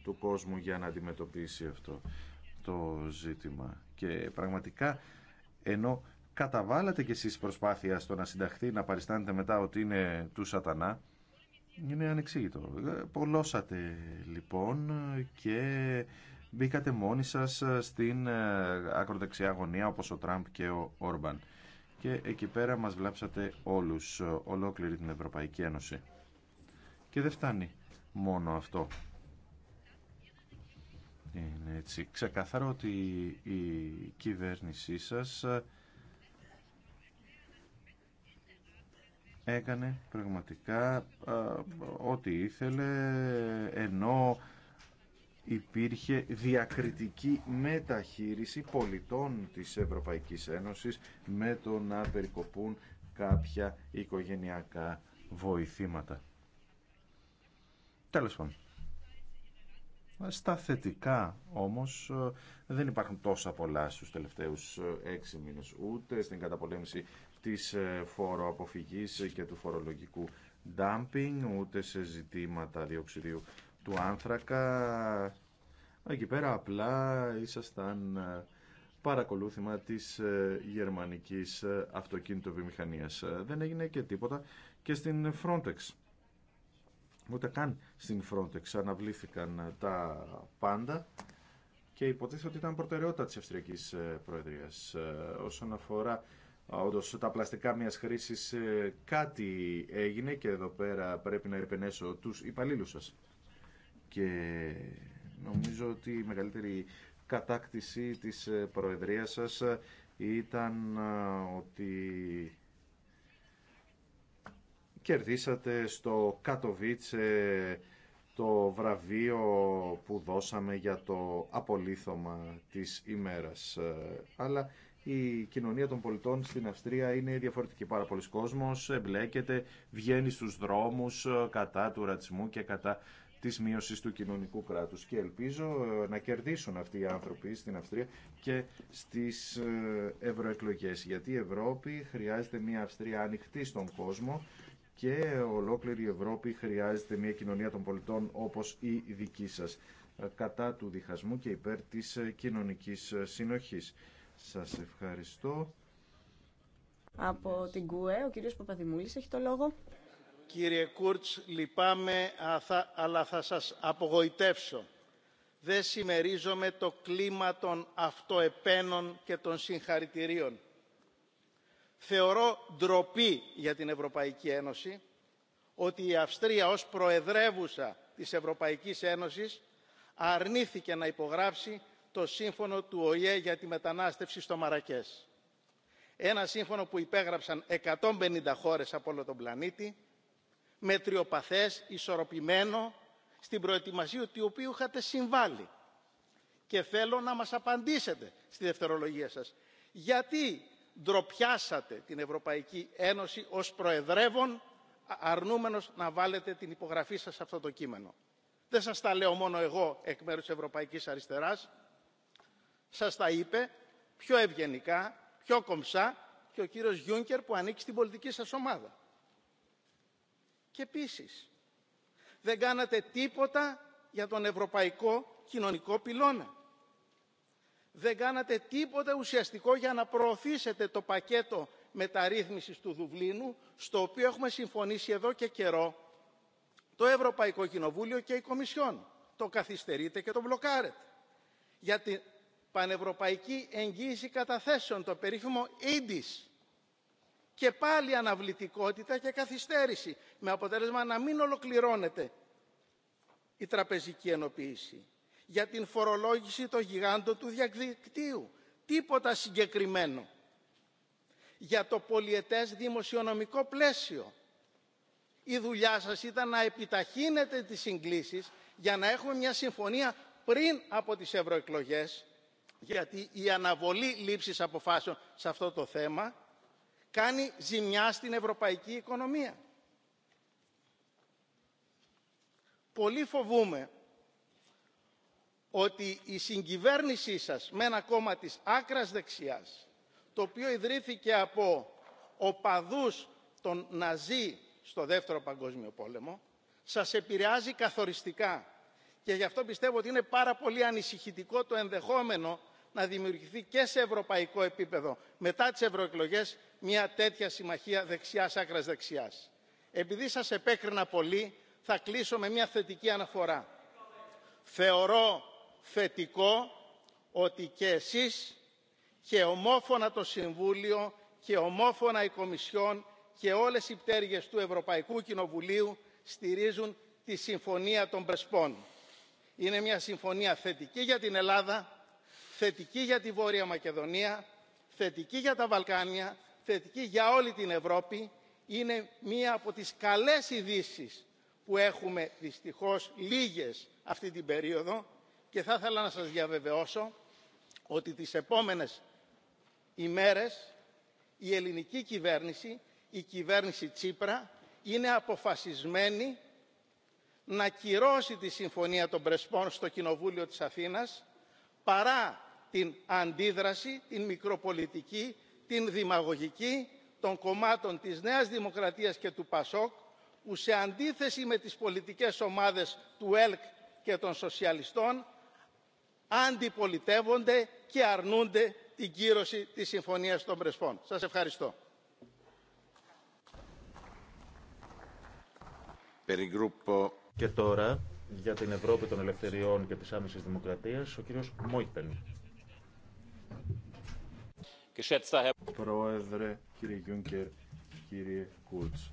του κόσμου για να αντιμετωπίσει αυτό το ζήτημα. Και πραγματικά ενώ καταβάλατε κι εσείς προσπάθεια στο να συνταχθεί, να παριστάνετε μετά ότι είναι του σατανά, είναι ανεξήγητο. Ε, Πολώσατε λοιπόν και μπήκατε μόνοι σας ε, στην ε, ακροδεξιά γωνία όπως ο Τραμπ και ο Όρμπαν. Και εκεί πέρα μας βλάψατε όλους, ε, ολόκληρη την Ευρωπαϊκή Ένωση. Και δεν φτάνει μόνο αυτό. Είναι έτσι. Ξεκαθαρό ότι η κυβέρνησή σας έκανε πραγματικά ό,τι ήθελε ενώ υπήρχε διακριτική μεταχείριση πολιτών της Ευρωπαϊκής Ένωσης με το να περικοπούν κάποια οικογενειακά βοηθήματα. Τέλος πάντων. Στα θετικά όμως ε, δεν υπάρχουν τόσα πολλά στους τελευταίους ε, έξι μήνες ούτε στην καταπολέμηση της ε, φοροαποφυγής και του φορολογικού dumping ούτε σε ζητήματα διοξιδίου του άνθρακα. Εκεί πέρα απλά ήσασταν ε, παρακολούθημα της ε, γερμανικής ε, αυτοκίνητοβιομηχανίας. Δεν έγινε και τίποτα και στην Frontex. Ούτε καν στην Frontex αναβλήθηκαν τα πάντα και υποτίθεται ότι ήταν προτεραιότητα της Αυστριακής Προεδρίας. Όσον αφορά όντως τα πλαστικά μιας χρήσης κάτι έγινε και εδώ πέρα πρέπει να επενέσω τους υπαλλήλους σας και νομίζω ότι η μεγαλύτερη κατάκτηση της ε, Προεδρίας σας ε, ήταν ε, ότι κερδίσατε στο Κατοβίτσε το βραβείο που δώσαμε για το απολύθωμα της ημέρας. Αλλά η κοινωνία των πολιτών στην Αυστρία είναι διαφορετική. Πάρα πολλοί κόσμος εμπλέκεται, βγαίνει στους δρόμους κατά του ρατσισμού και κατά της μείωσης του κοινωνικού κράτους και ελπίζω ε, να κερδίσουν αυτοί οι άνθρωποι στην Αυστρία και στις ε, ευρωεκλογές γιατί η Ευρώπη χρειάζεται μια Αυστρία ανοιχτή στον κόσμο και ολόκληρη η Ευρώπη χρειάζεται μια κοινωνία των πολιτών όπως η δική σας ε, κατά του διχασμού και υπέρ της κοινωνικής συνοχής. Σας ευχαριστώ. Από την ΚΟΕ, ο κύριος Παπαδημούλης έχει το λόγο. Κύριε Κούρτς, λυπάμαι, αλλά θα σας απογοητεύσω. Δεν συμμερίζομαι το κλίμα των αυτοεπένων και των συγχαρητηρίων. Θεωρώ ντροπή για την Ευρωπαϊκή Ένωση ότι η Αυστρία ως προεδρεύουσα της Ευρωπαϊκής Ένωσης αρνήθηκε να υπογράψει το σύμφωνο του ΟΗΕ για τη μετανάστευση στο Μαρακές. Ένα σύμφωνο που υπέγραψαν 150 χώρες από όλο τον πλανήτη μετριοπαθές, ισορροπημένο, στην προετοιμασία του οποίου είχατε συμβάλει. Και θέλω να μας απαντήσετε στη δευτερολογία σας. Γιατί ντροπιάσατε την Ευρωπαϊκή Ένωση ως προεδρεύων αρνούμενος να βάλετε την υπογραφή σας σε αυτό το κείμενο. Δεν σας τα λέω μόνο εγώ εκ μέρους της Ευρωπαϊκής Αριστεράς. Σας τα είπε πιο ευγενικά, πιο κομψά και ο κύριος Γιούνκερ που ανήκει στην πολιτική σας ομάδα. Και επίσης, δεν κάνατε τίποτα για τον ευρωπαϊκό κοινωνικό πυλώνα. Δεν κάνατε τίποτα ουσιαστικό για να προωθήσετε το πακέτο μεταρρύθμισης του Δουβλίνου, στο οποίο έχουμε συμφωνήσει εδώ και καιρό το Ευρωπαϊκό Κοινοβούλιο και η Κομισιόν. Το καθυστερείτε και το μπλοκάρετε. Για την πανευρωπαϊκή εγγύηση καταθέσεων, το περίφημο EDIS, και πάλι αναβλητικότητα και καθυστέρηση με αποτέλεσμα να μην ολοκληρώνεται η τραπεζική ενοποίηση. Για την φορολόγηση των γιγάντων του διαδικτύου. Τίποτα συγκεκριμένο. Για το πολιετές δημοσιονομικό πλαίσιο. Η δουλειά σας ήταν να επιταχύνετε τις συγκλήσεις για να έχουμε μια συμφωνία πριν από τις ευρωεκλογές, γιατί η αναβολή λήψης αποφάσεων σε αυτό το θέμα κάνει ζημιά στην ευρωπαϊκή οικονομία. Πολύ φοβούμε ότι η συγκυβέρνησή σας με ένα κόμμα της άκρας δεξιάς, το οποίο ιδρύθηκε από οπαδούς των Ναζί στο Δεύτερο Παγκόσμιο Πόλεμο, σας επηρεάζει καθοριστικά. Και γι' αυτό πιστεύω ότι είναι πάρα πολύ ανησυχητικό το ενδεχόμενο να δημιουργηθεί και σε ευρωπαϊκό επίπεδο μετά τις ευρωεκλογέ μια τέτοια συμμαχία δεξιά άκρα δεξιάς. Επειδή σα επέκρινα πολύ, θα κλείσω με μια θετική αναφορά. Θεωρώ θετικό ότι και εσείς και ομόφωνα το Συμβούλιο και ομόφωνα η Κομισιόν και όλες οι πτέρυγες του Ευρωπαϊκού Κοινοβουλίου στηρίζουν τη Συμφωνία των Πρεσπών. Είναι μια συμφωνία θετική για την Ελλάδα, θετική για τη Βόρεια Μακεδονία, θετική για τα Βαλκάνια, θετική για όλη την Ευρώπη είναι μία από τις καλές ειδήσει που έχουμε δυστυχώς λίγες αυτή την περίοδο και θα ήθελα να σας διαβεβαιώσω ότι τις επόμενες ημέρες η ελληνική κυβέρνηση, η κυβέρνηση Τσίπρα, είναι αποφασισμένη να κυρώσει τη Συμφωνία των Πρεσπών στο Κοινοβούλιο της Αθήνας παρά την αντίδραση, την μικροπολιτική την δημαγωγική των κομμάτων της νέας δημοκρατίας και του πασόκ που σε αντίθεση με τις πολιτικές ομάδες του ελκ και των σοσιαλιστών αντιπολιτεύονται και αρνούνται την κύρωση της συμφωνίας των πρεσπών. Σας ευχαριστώ. Και τώρα για την Ευρώπη των Ελευθεριών και της Άμεσης Δημοκρατίας ο κύριος Μόιτεν. Πρόεδρε, κύριε Γιούνκερ, κύριε Κούλτς.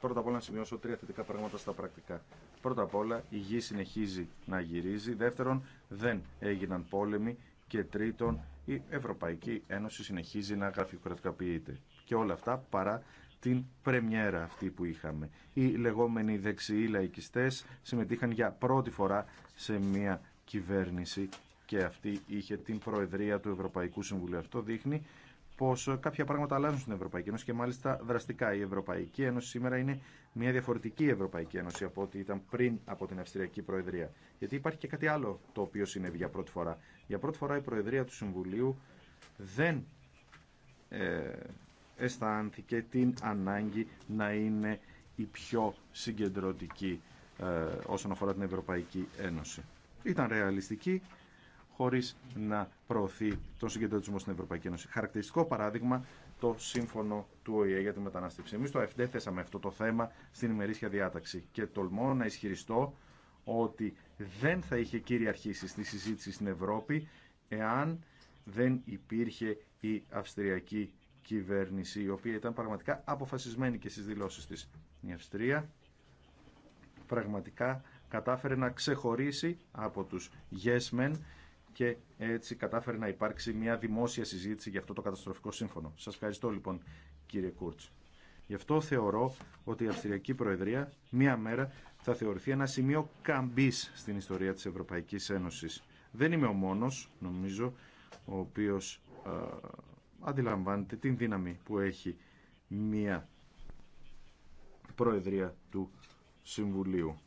Πρώτα απ' όλα να σημειώσω τρία θετικά πράγματα στα πρακτικά. Πρώτα απ' όλα, η γη συνεχίζει να γυρίζει. Δεύτερον, δεν έγιναν πόλεμοι. Και τρίτον, η Ευρωπαϊκή Ένωση συνεχίζει να γραφειοκρατικοποιείται. Και όλα αυτά παρά την πρεμιέρα αυτή που είχαμε. Οι λεγόμενοι δεξιοί λαϊκιστές συμμετείχαν για πρώτη φορά σε μια κυβέρνηση και αυτή είχε την Προεδρία του Ευρωπαϊκού Συμβουλίου. Αυτό δείχνει πω κάποια πράγματα αλλάζουν στην Ευρωπαϊκή Ένωση και μάλιστα δραστικά. Η Ευρωπαϊκή Ένωση σήμερα είναι μια διαφορετική Ευρωπαϊκή Ένωση από ό,τι ήταν πριν από την Αυστριακή Προεδρία. Γιατί υπάρχει και κάτι άλλο το οποίο συνέβη για πρώτη φορά. Για πρώτη φορά η Προεδρία του Συμβουλίου δεν ε, αισθάνθηκε την ανάγκη να είναι η πιο συγκεντρωτική ε, όσον αφορά την Ευρωπαϊκή Ένωση. Ήταν ρεαλιστική, Χωρί να προωθεί τον συγκεντρωτισμό στην Ευρωπαϊκή Ένωση. Χαρακτηριστικό παράδειγμα το σύμφωνο του ΟΗΕ για τη μετανάστευση. Εμεί το ΕΦΤΕ θέσαμε αυτό το θέμα στην ημερήσια διάταξη και τολμώ να ισχυριστώ ότι δεν θα είχε κυριαρχήσει στη συζήτηση στην Ευρώπη εάν δεν υπήρχε η αυστριακή κυβέρνηση η οποία ήταν πραγματικά αποφασισμένη και στις δηλώσεις της. Η Αυστρία πραγματικά κατάφερε να ξεχωρίσει από τους yes και έτσι κατάφερε να υπάρξει μια δημόσια συζήτηση για αυτό το καταστροφικό σύμφωνο. Σας ευχαριστώ λοιπόν κύριε Κούρτ. Γι' αυτό θεωρώ ότι η Αυστριακή Προεδρία μία μέρα θα θεωρηθεί ένα σημείο καμπής στην ιστορία της Ευρωπαϊκής ενωση Δεν είμαι ο μόνος, νομίζω, ο οποίος αντιλαμβάνεται την δύναμη που έχει μία Προεδρία του Συμβουλίου.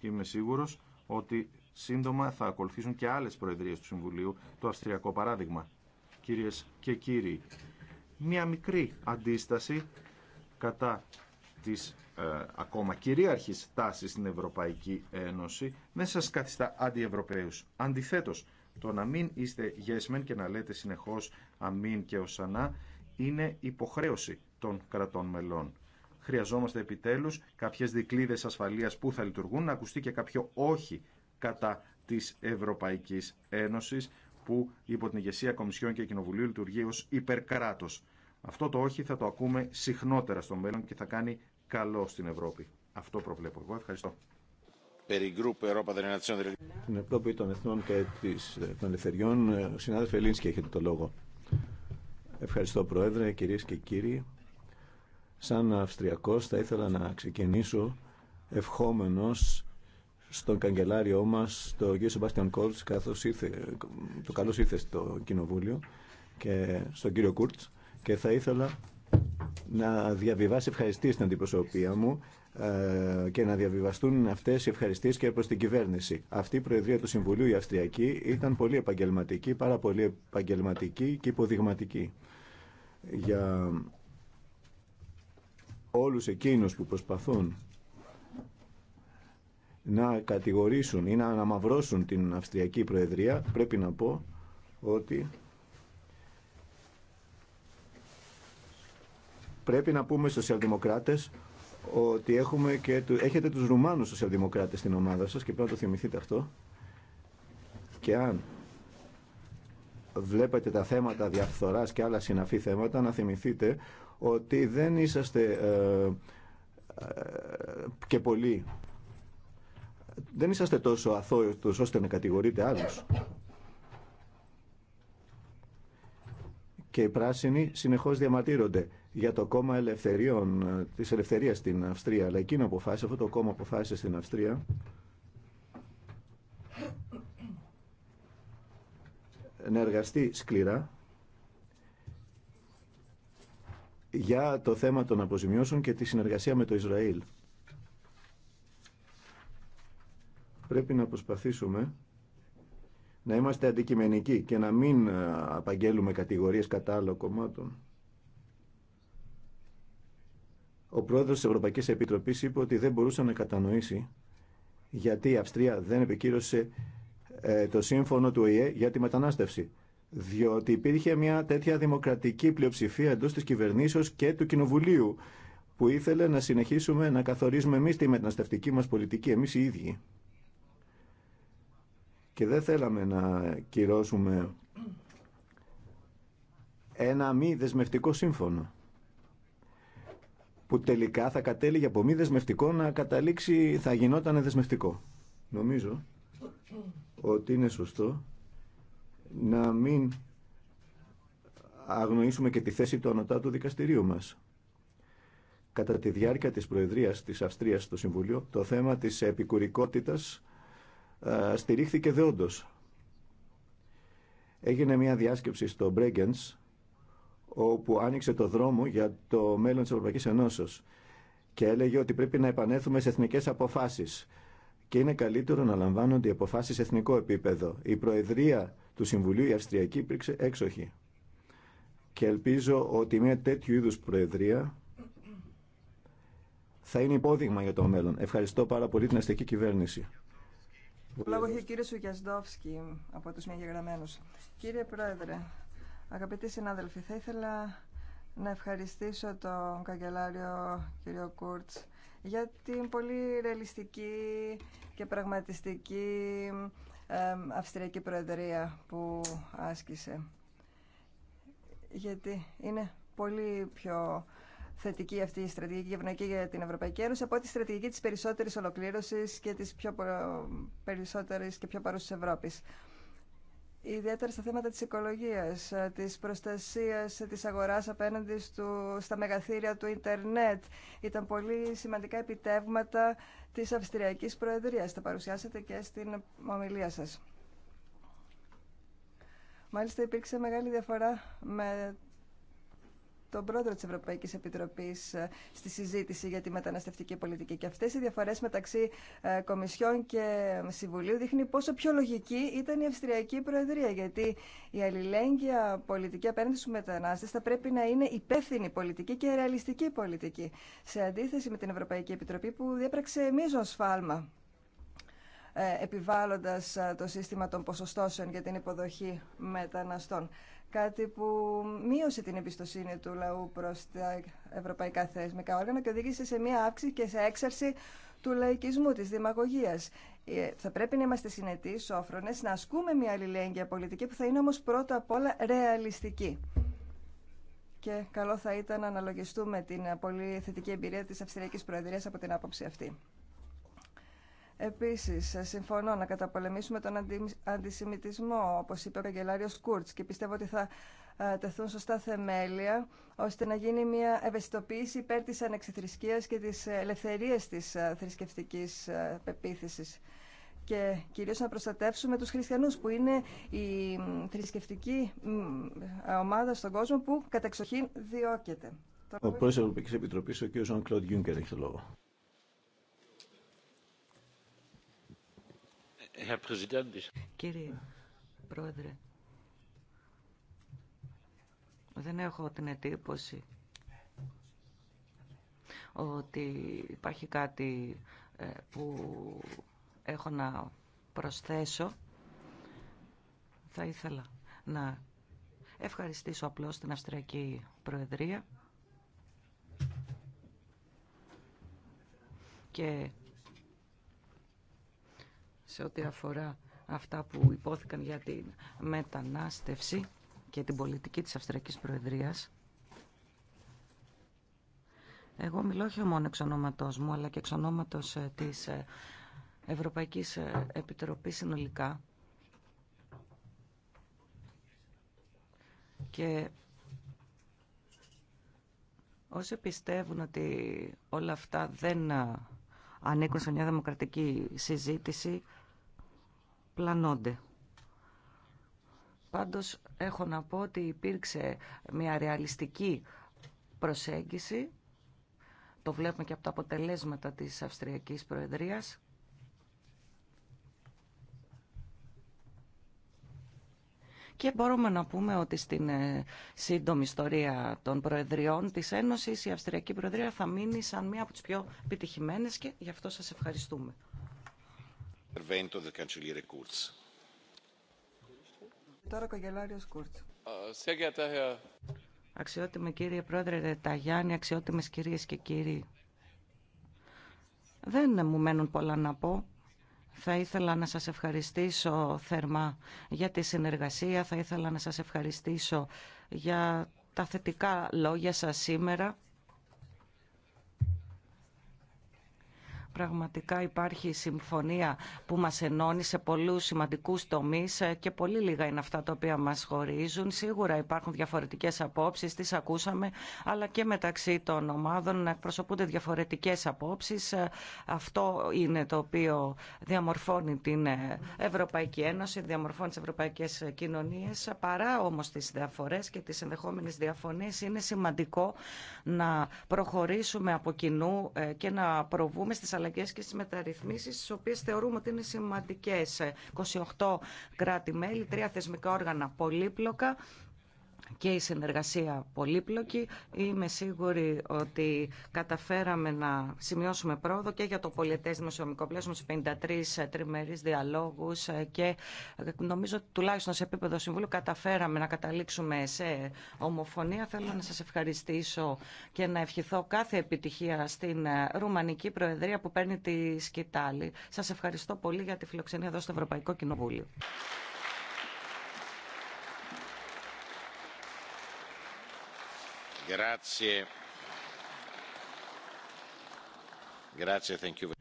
είμαι σίγουρος ότι Σύντομα θα ακολουθήσουν και άλλες προεδρίες του Συμβουλίου, το αυστριακό παράδειγμα. Κυρίες και κύριοι, μια μικρή αντίσταση κατά της ε, ακόμα κυρίαρχης τάσης στην Ευρωπαϊκή Ένωση δεν σας καθιστά αντιευρωπαίους. Αντιθέτως, το να μην είστε γεσμεν και να λέτε συνεχώς αμήν και οσανά είναι υποχρέωση των κρατών μελών. Χρειαζόμαστε επιτέλους κάποιες δικλείδες ασφαλείας που θα λειτουργούν, να ακουστεί και κάποιο όχι κατά της Ευρωπαϊκής Ένωσης που υπό την ηγεσία Κομισιών και Κοινοβουλίου λειτουργεί ως υπερκράτος. Αυτό το όχι θα το ακούμε συχνότερα στο μέλλον και θα κάνει καλό στην Ευρώπη. Αυτό προβλέπω εγώ. Ευχαριστώ. Την Ευρώπη των Εθνών και ε, των Ελευθεριών, ο ε, συνάδελφε Ελίνσκι έχετε το λόγο. Ευχαριστώ Πρόεδρε, κυρίες και κύριοι. Σαν Αυστριακός θα ήθελα να ξεκινήσω ευχόμενος στον καγκελάριό μας, τον κύριο Σεμπάστιαν Κόλτς, καθώς ήρθε, το καλώς ήρθε στο Κοινοβούλιο και στον κύριο Κούρτς και θα ήθελα να διαβιβάσει ευχαριστήσεις στην αντιπροσωπεία μου ε, και να διαβιβαστούν αυτέ οι ευχαριστήσει και προ την κυβέρνηση. Αυτή η Προεδρία του Συμβουλίου, η Αυστριακή, ήταν πολύ επαγγελματική, πάρα πολύ επαγγελματική και υποδειγματική για όλους εκείνους που προσπαθούν να κατηγορήσουν ή να αναμαυρώσουν την Αυστριακή Προεδρία, πρέπει να πω ότι πρέπει να πούμε στους σοσιαλδημοκράτες ότι έχουμε και, έχετε τους Ρουμάνους σοσιαλδημοκράτες στην ομάδα σας και πρέπει να το θυμηθείτε αυτό. Και αν βλέπετε τα θέματα διαφθοράς και άλλα συναφή θέματα, να θυμηθείτε ότι δεν είσαστε ε, ε, και πολύ δεν είσαστε τόσο αθώοι ώστε να κατηγορείτε άλλους. Και οι πράσινοι συνεχώς διαμαρτύρονται για το κόμμα ελευθεριών, ε, της ελευθερίας στην Αυστρία. Αλλά εκείνο αποφάσισε, αυτό το κόμμα αποφάσισε στην Αυστρία να εργαστεί σκληρά για το θέμα των αποζημιώσεων και τη συνεργασία με το Ισραήλ. πρέπει να προσπαθήσουμε να είμαστε αντικειμενικοί και να μην ε, απαγγέλουμε κατηγορίες κατά άλλων κομμάτων. Ο πρόεδρος της Ευρωπαϊκής Επιτροπής είπε ότι δεν μπορούσε να κατανοήσει γιατί η Αυστρία δεν επικύρωσε ε, το σύμφωνο του ΟΗΕ για τη μετανάστευση. Διότι υπήρχε μια τέτοια δημοκρατική πλειοψηφία εντός της κυβερνήσεως και του Κοινοβουλίου που ήθελε να συνεχίσουμε να καθορίζουμε εμείς τη μεταναστευτική μας πολιτική, εμείς οι ίδιοι και δεν θέλαμε να κυρώσουμε ένα μη δεσμευτικό σύμφωνο που τελικά θα κατέληγε από μη δεσμευτικό να καταλήξει, θα γινόταν δεσμευτικό. Νομίζω ότι είναι σωστό να μην αγνοήσουμε και τη θέση του ανωτά του δικαστηρίου μας. Κατά τη διάρκεια της Προεδρίας της Αυστρίας στο Συμβουλίο, το θέμα της επικουρικότητας ε, στηρίχθηκε δεόντω. Έγινε μια διάσκεψη στο Μπρέγκενς όπου άνοιξε το δρόμο για το μέλλον της Ευρωπαϊκής Ενώσεως και έλεγε ότι πρέπει να επανέλθουμε σε εθνικές αποφάσεις και είναι καλύτερο να λαμβάνονται οι αποφάσεις σε εθνικό επίπεδο. Η Προεδρία του Συμβουλίου η Αυστριακή υπήρξε έξοχη και ελπίζω ότι μια τέτοιου είδους Προεδρία θα είναι υπόδειγμα για το μέλλον. Ευχαριστώ πάρα πολύ την αστική κυβέρνηση. Το έχει ο κύριο Ουγιασδόφσκι από του Κύριε Πρόεδρε, αγαπητοί συνάδελφοι, θα ήθελα να ευχαριστήσω τον καγκελάριο κύριο κουρτ για την πολύ ρεαλιστική και πραγματιστική Αυστριακή Προεδρία που άσκησε. Γιατί είναι πολύ πιο θετική αυτή η στρατηγική γευνακή για την Ευρωπαϊκή Ένωση από τη στρατηγική της περισσότερης ολοκλήρωσης και της πιο περισσότερης και πιο παρούσης Ευρώπης. Ιδιαίτερα στα θέματα της οικολογίας, της προστασίας, της αγοράς απέναντι στα μεγαθύρια του ίντερνετ. Ήταν πολύ σημαντικά επιτεύγματα της Αυστριακής Προεδρίας. Τα παρουσιάσατε και στην ομιλία σας. Μάλιστα υπήρξε μεγάλη διαφορά με τον πρόεδρο τη Ευρωπαϊκή Επιτροπή ε, στη συζήτηση για τη μεταναστευτική πολιτική. Και αυτέ οι διαφορέ μεταξύ ε, Κομισιόν και Συμβουλίου δείχνει πόσο πιο λογική ήταν η Αυστριακή Προεδρία, γιατί η αλληλέγγυα πολιτική απέναντι στου μετανάστες θα πρέπει να είναι υπεύθυνη πολιτική και ρεαλιστική πολιτική, σε αντίθεση με την Ευρωπαϊκή Επιτροπή που διέπραξε μείζον σφάλμα ε, επιβάλλοντας το σύστημα των ποσοστώσεων για την υποδοχή μεταναστών κάτι που μείωσε την εμπιστοσύνη του λαού προς τα ευρωπαϊκά θεσμικά όργανα και οδήγησε σε μια αύξηση και σε έξαρση του λαϊκισμού, της δημαγωγίας. Ε, θα πρέπει να είμαστε συνετοί, σόφρονες, να ασκούμε μια αλληλέγγυα πολιτική που θα είναι όμως πρώτα απ' όλα ρεαλιστική. Και καλό θα ήταν να αναλογιστούμε την πολύ θετική εμπειρία της Αυστριακής Προεδρίας από την άποψη αυτή. Επίσης, ε, συμφωνώ να καταπολεμήσουμε τον αντισημιτισμό, όπως είπε ο καγκελάριος Κούρτς, και πιστεύω ότι θα ε, τεθούν σωστά θεμέλια, ώστε να γίνει μια ευαισθητοποίηση υπέρ της ανεξιθρησκείας και της ελευθερίας της ε, θρησκευτικής πεποίθησης. Και κυρίως να προστατεύσουμε τους χριστιανούς, που είναι η θρησκευτική ομάδα στον κόσμο που κατεξοχήν διώκεται. Ο πρόεδρος Ευρωπαϊκής Επιτροπής, ο κ. Ζων Κλοντ Γιούγκερ, έχει το λόγο. Κύριε Πρόεδρε, δεν έχω την εντύπωση ότι υπάρχει κάτι ε, που έχω να προσθέσω. Θα ήθελα να ευχαριστήσω απλώς την Αυστριακή Προεδρία και σε ό,τι αφορά αυτά που υπόθηκαν για την μετανάστευση και την πολιτική της Αυστριακής Προεδρίας. Εγώ μιλώ όχι μόνο εξ ονόματός μου, αλλά και εξ ονόματος ε, της ε, Ευρωπαϊκής ε, Επιτροπής συνολικά. Και όσοι πιστεύουν ότι όλα αυτά δεν ανήκουν σε μια δημοκρατική συζήτηση, πλανώνται. Πάντως έχω να πω ότι υπήρξε μια ρεαλιστική προσέγγιση. Το βλέπουμε και από τα αποτελέσματα της Αυστριακής Προεδρίας. Και μπορούμε να πούμε ότι στην ε, σύντομη ιστορία των Προεδριών της Ένωσης η Αυστριακή Προεδρία θα μείνει σαν μία από τις πιο επιτυχημένες και γι' αυτό σας ευχαριστούμε. Τώρα ε, ε, Αξιότιμε κύριε πρόεδρε Ταγιάννη, αξιότιμες κυρίες και κύριοι. Δεν μου μένουν πολλά να πω. Θα ήθελα να σας ευχαριστήσω θερμά για τη συνεργασία. Θα ήθελα να σας ευχαριστήσω για τα θετικά λόγια σας σήμερα. πραγματικά υπάρχει συμφωνία που μας ενώνει σε πολλούς σημαντικούς τομείς ε, και πολύ λίγα είναι αυτά τα οποία μας χωρίζουν. Σίγουρα υπάρχουν διαφορετικές απόψεις, τις ακούσαμε, αλλά και μεταξύ των ομάδων να εκπροσωπούνται διαφορετικές απόψεις. Ε, Αυτό είναι το οποίο διαμορφώνει την ε, Ευρωπαϊκή Ένωση, διαμορφώνει τις ευρωπαϊκές κοινωνίες. Παρά όμως τις διαφορές και τις ενδεχόμενες διαφωνίες, είναι σημαντικό να προχωρήσουμε από κοινού και να προβούμε στις αλλαγές και στις μεταρρυθμίσει, τι οποίε θεωρούμε ότι είναι σημαντικές. Ε, 28 κράτη-μέλη, τρία θεσμικά όργανα πολύπλοκα και η συνεργασία πολύπλοκη. Είμαι σίγουρη ότι καταφέραμε να σημειώσουμε πρόοδο και για το πολιετές δημοσιονομικό πλαίσιο σε 53 τριμερείς διαλόγους και νομίζω ότι τουλάχιστον σε επίπεδο Συμβούλου καταφέραμε να καταλήξουμε σε ομοφωνία. Θέλω να σας ευχαριστήσω και να ευχηθώ κάθε επιτυχία στην Ρουμανική Προεδρία που παίρνει τη σκητάλη. Σας ευχαριστώ πολύ για τη φιλοξενία εδώ στο Ευρωπαϊκό Κοινοβούλιο.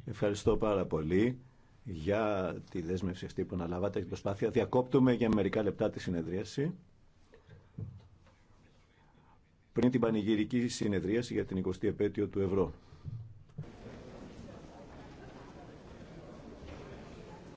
Ευχαριστώ πάρα πολύ για τη δέσμευση αυτή που αναλάβατε και την προσπάθεια. Διακόπτουμε για μερικά λεπτά τη συνεδρίαση. Πριν την πανηγυρική συνεδρίαση για την 20η επέτειο του ευρώ.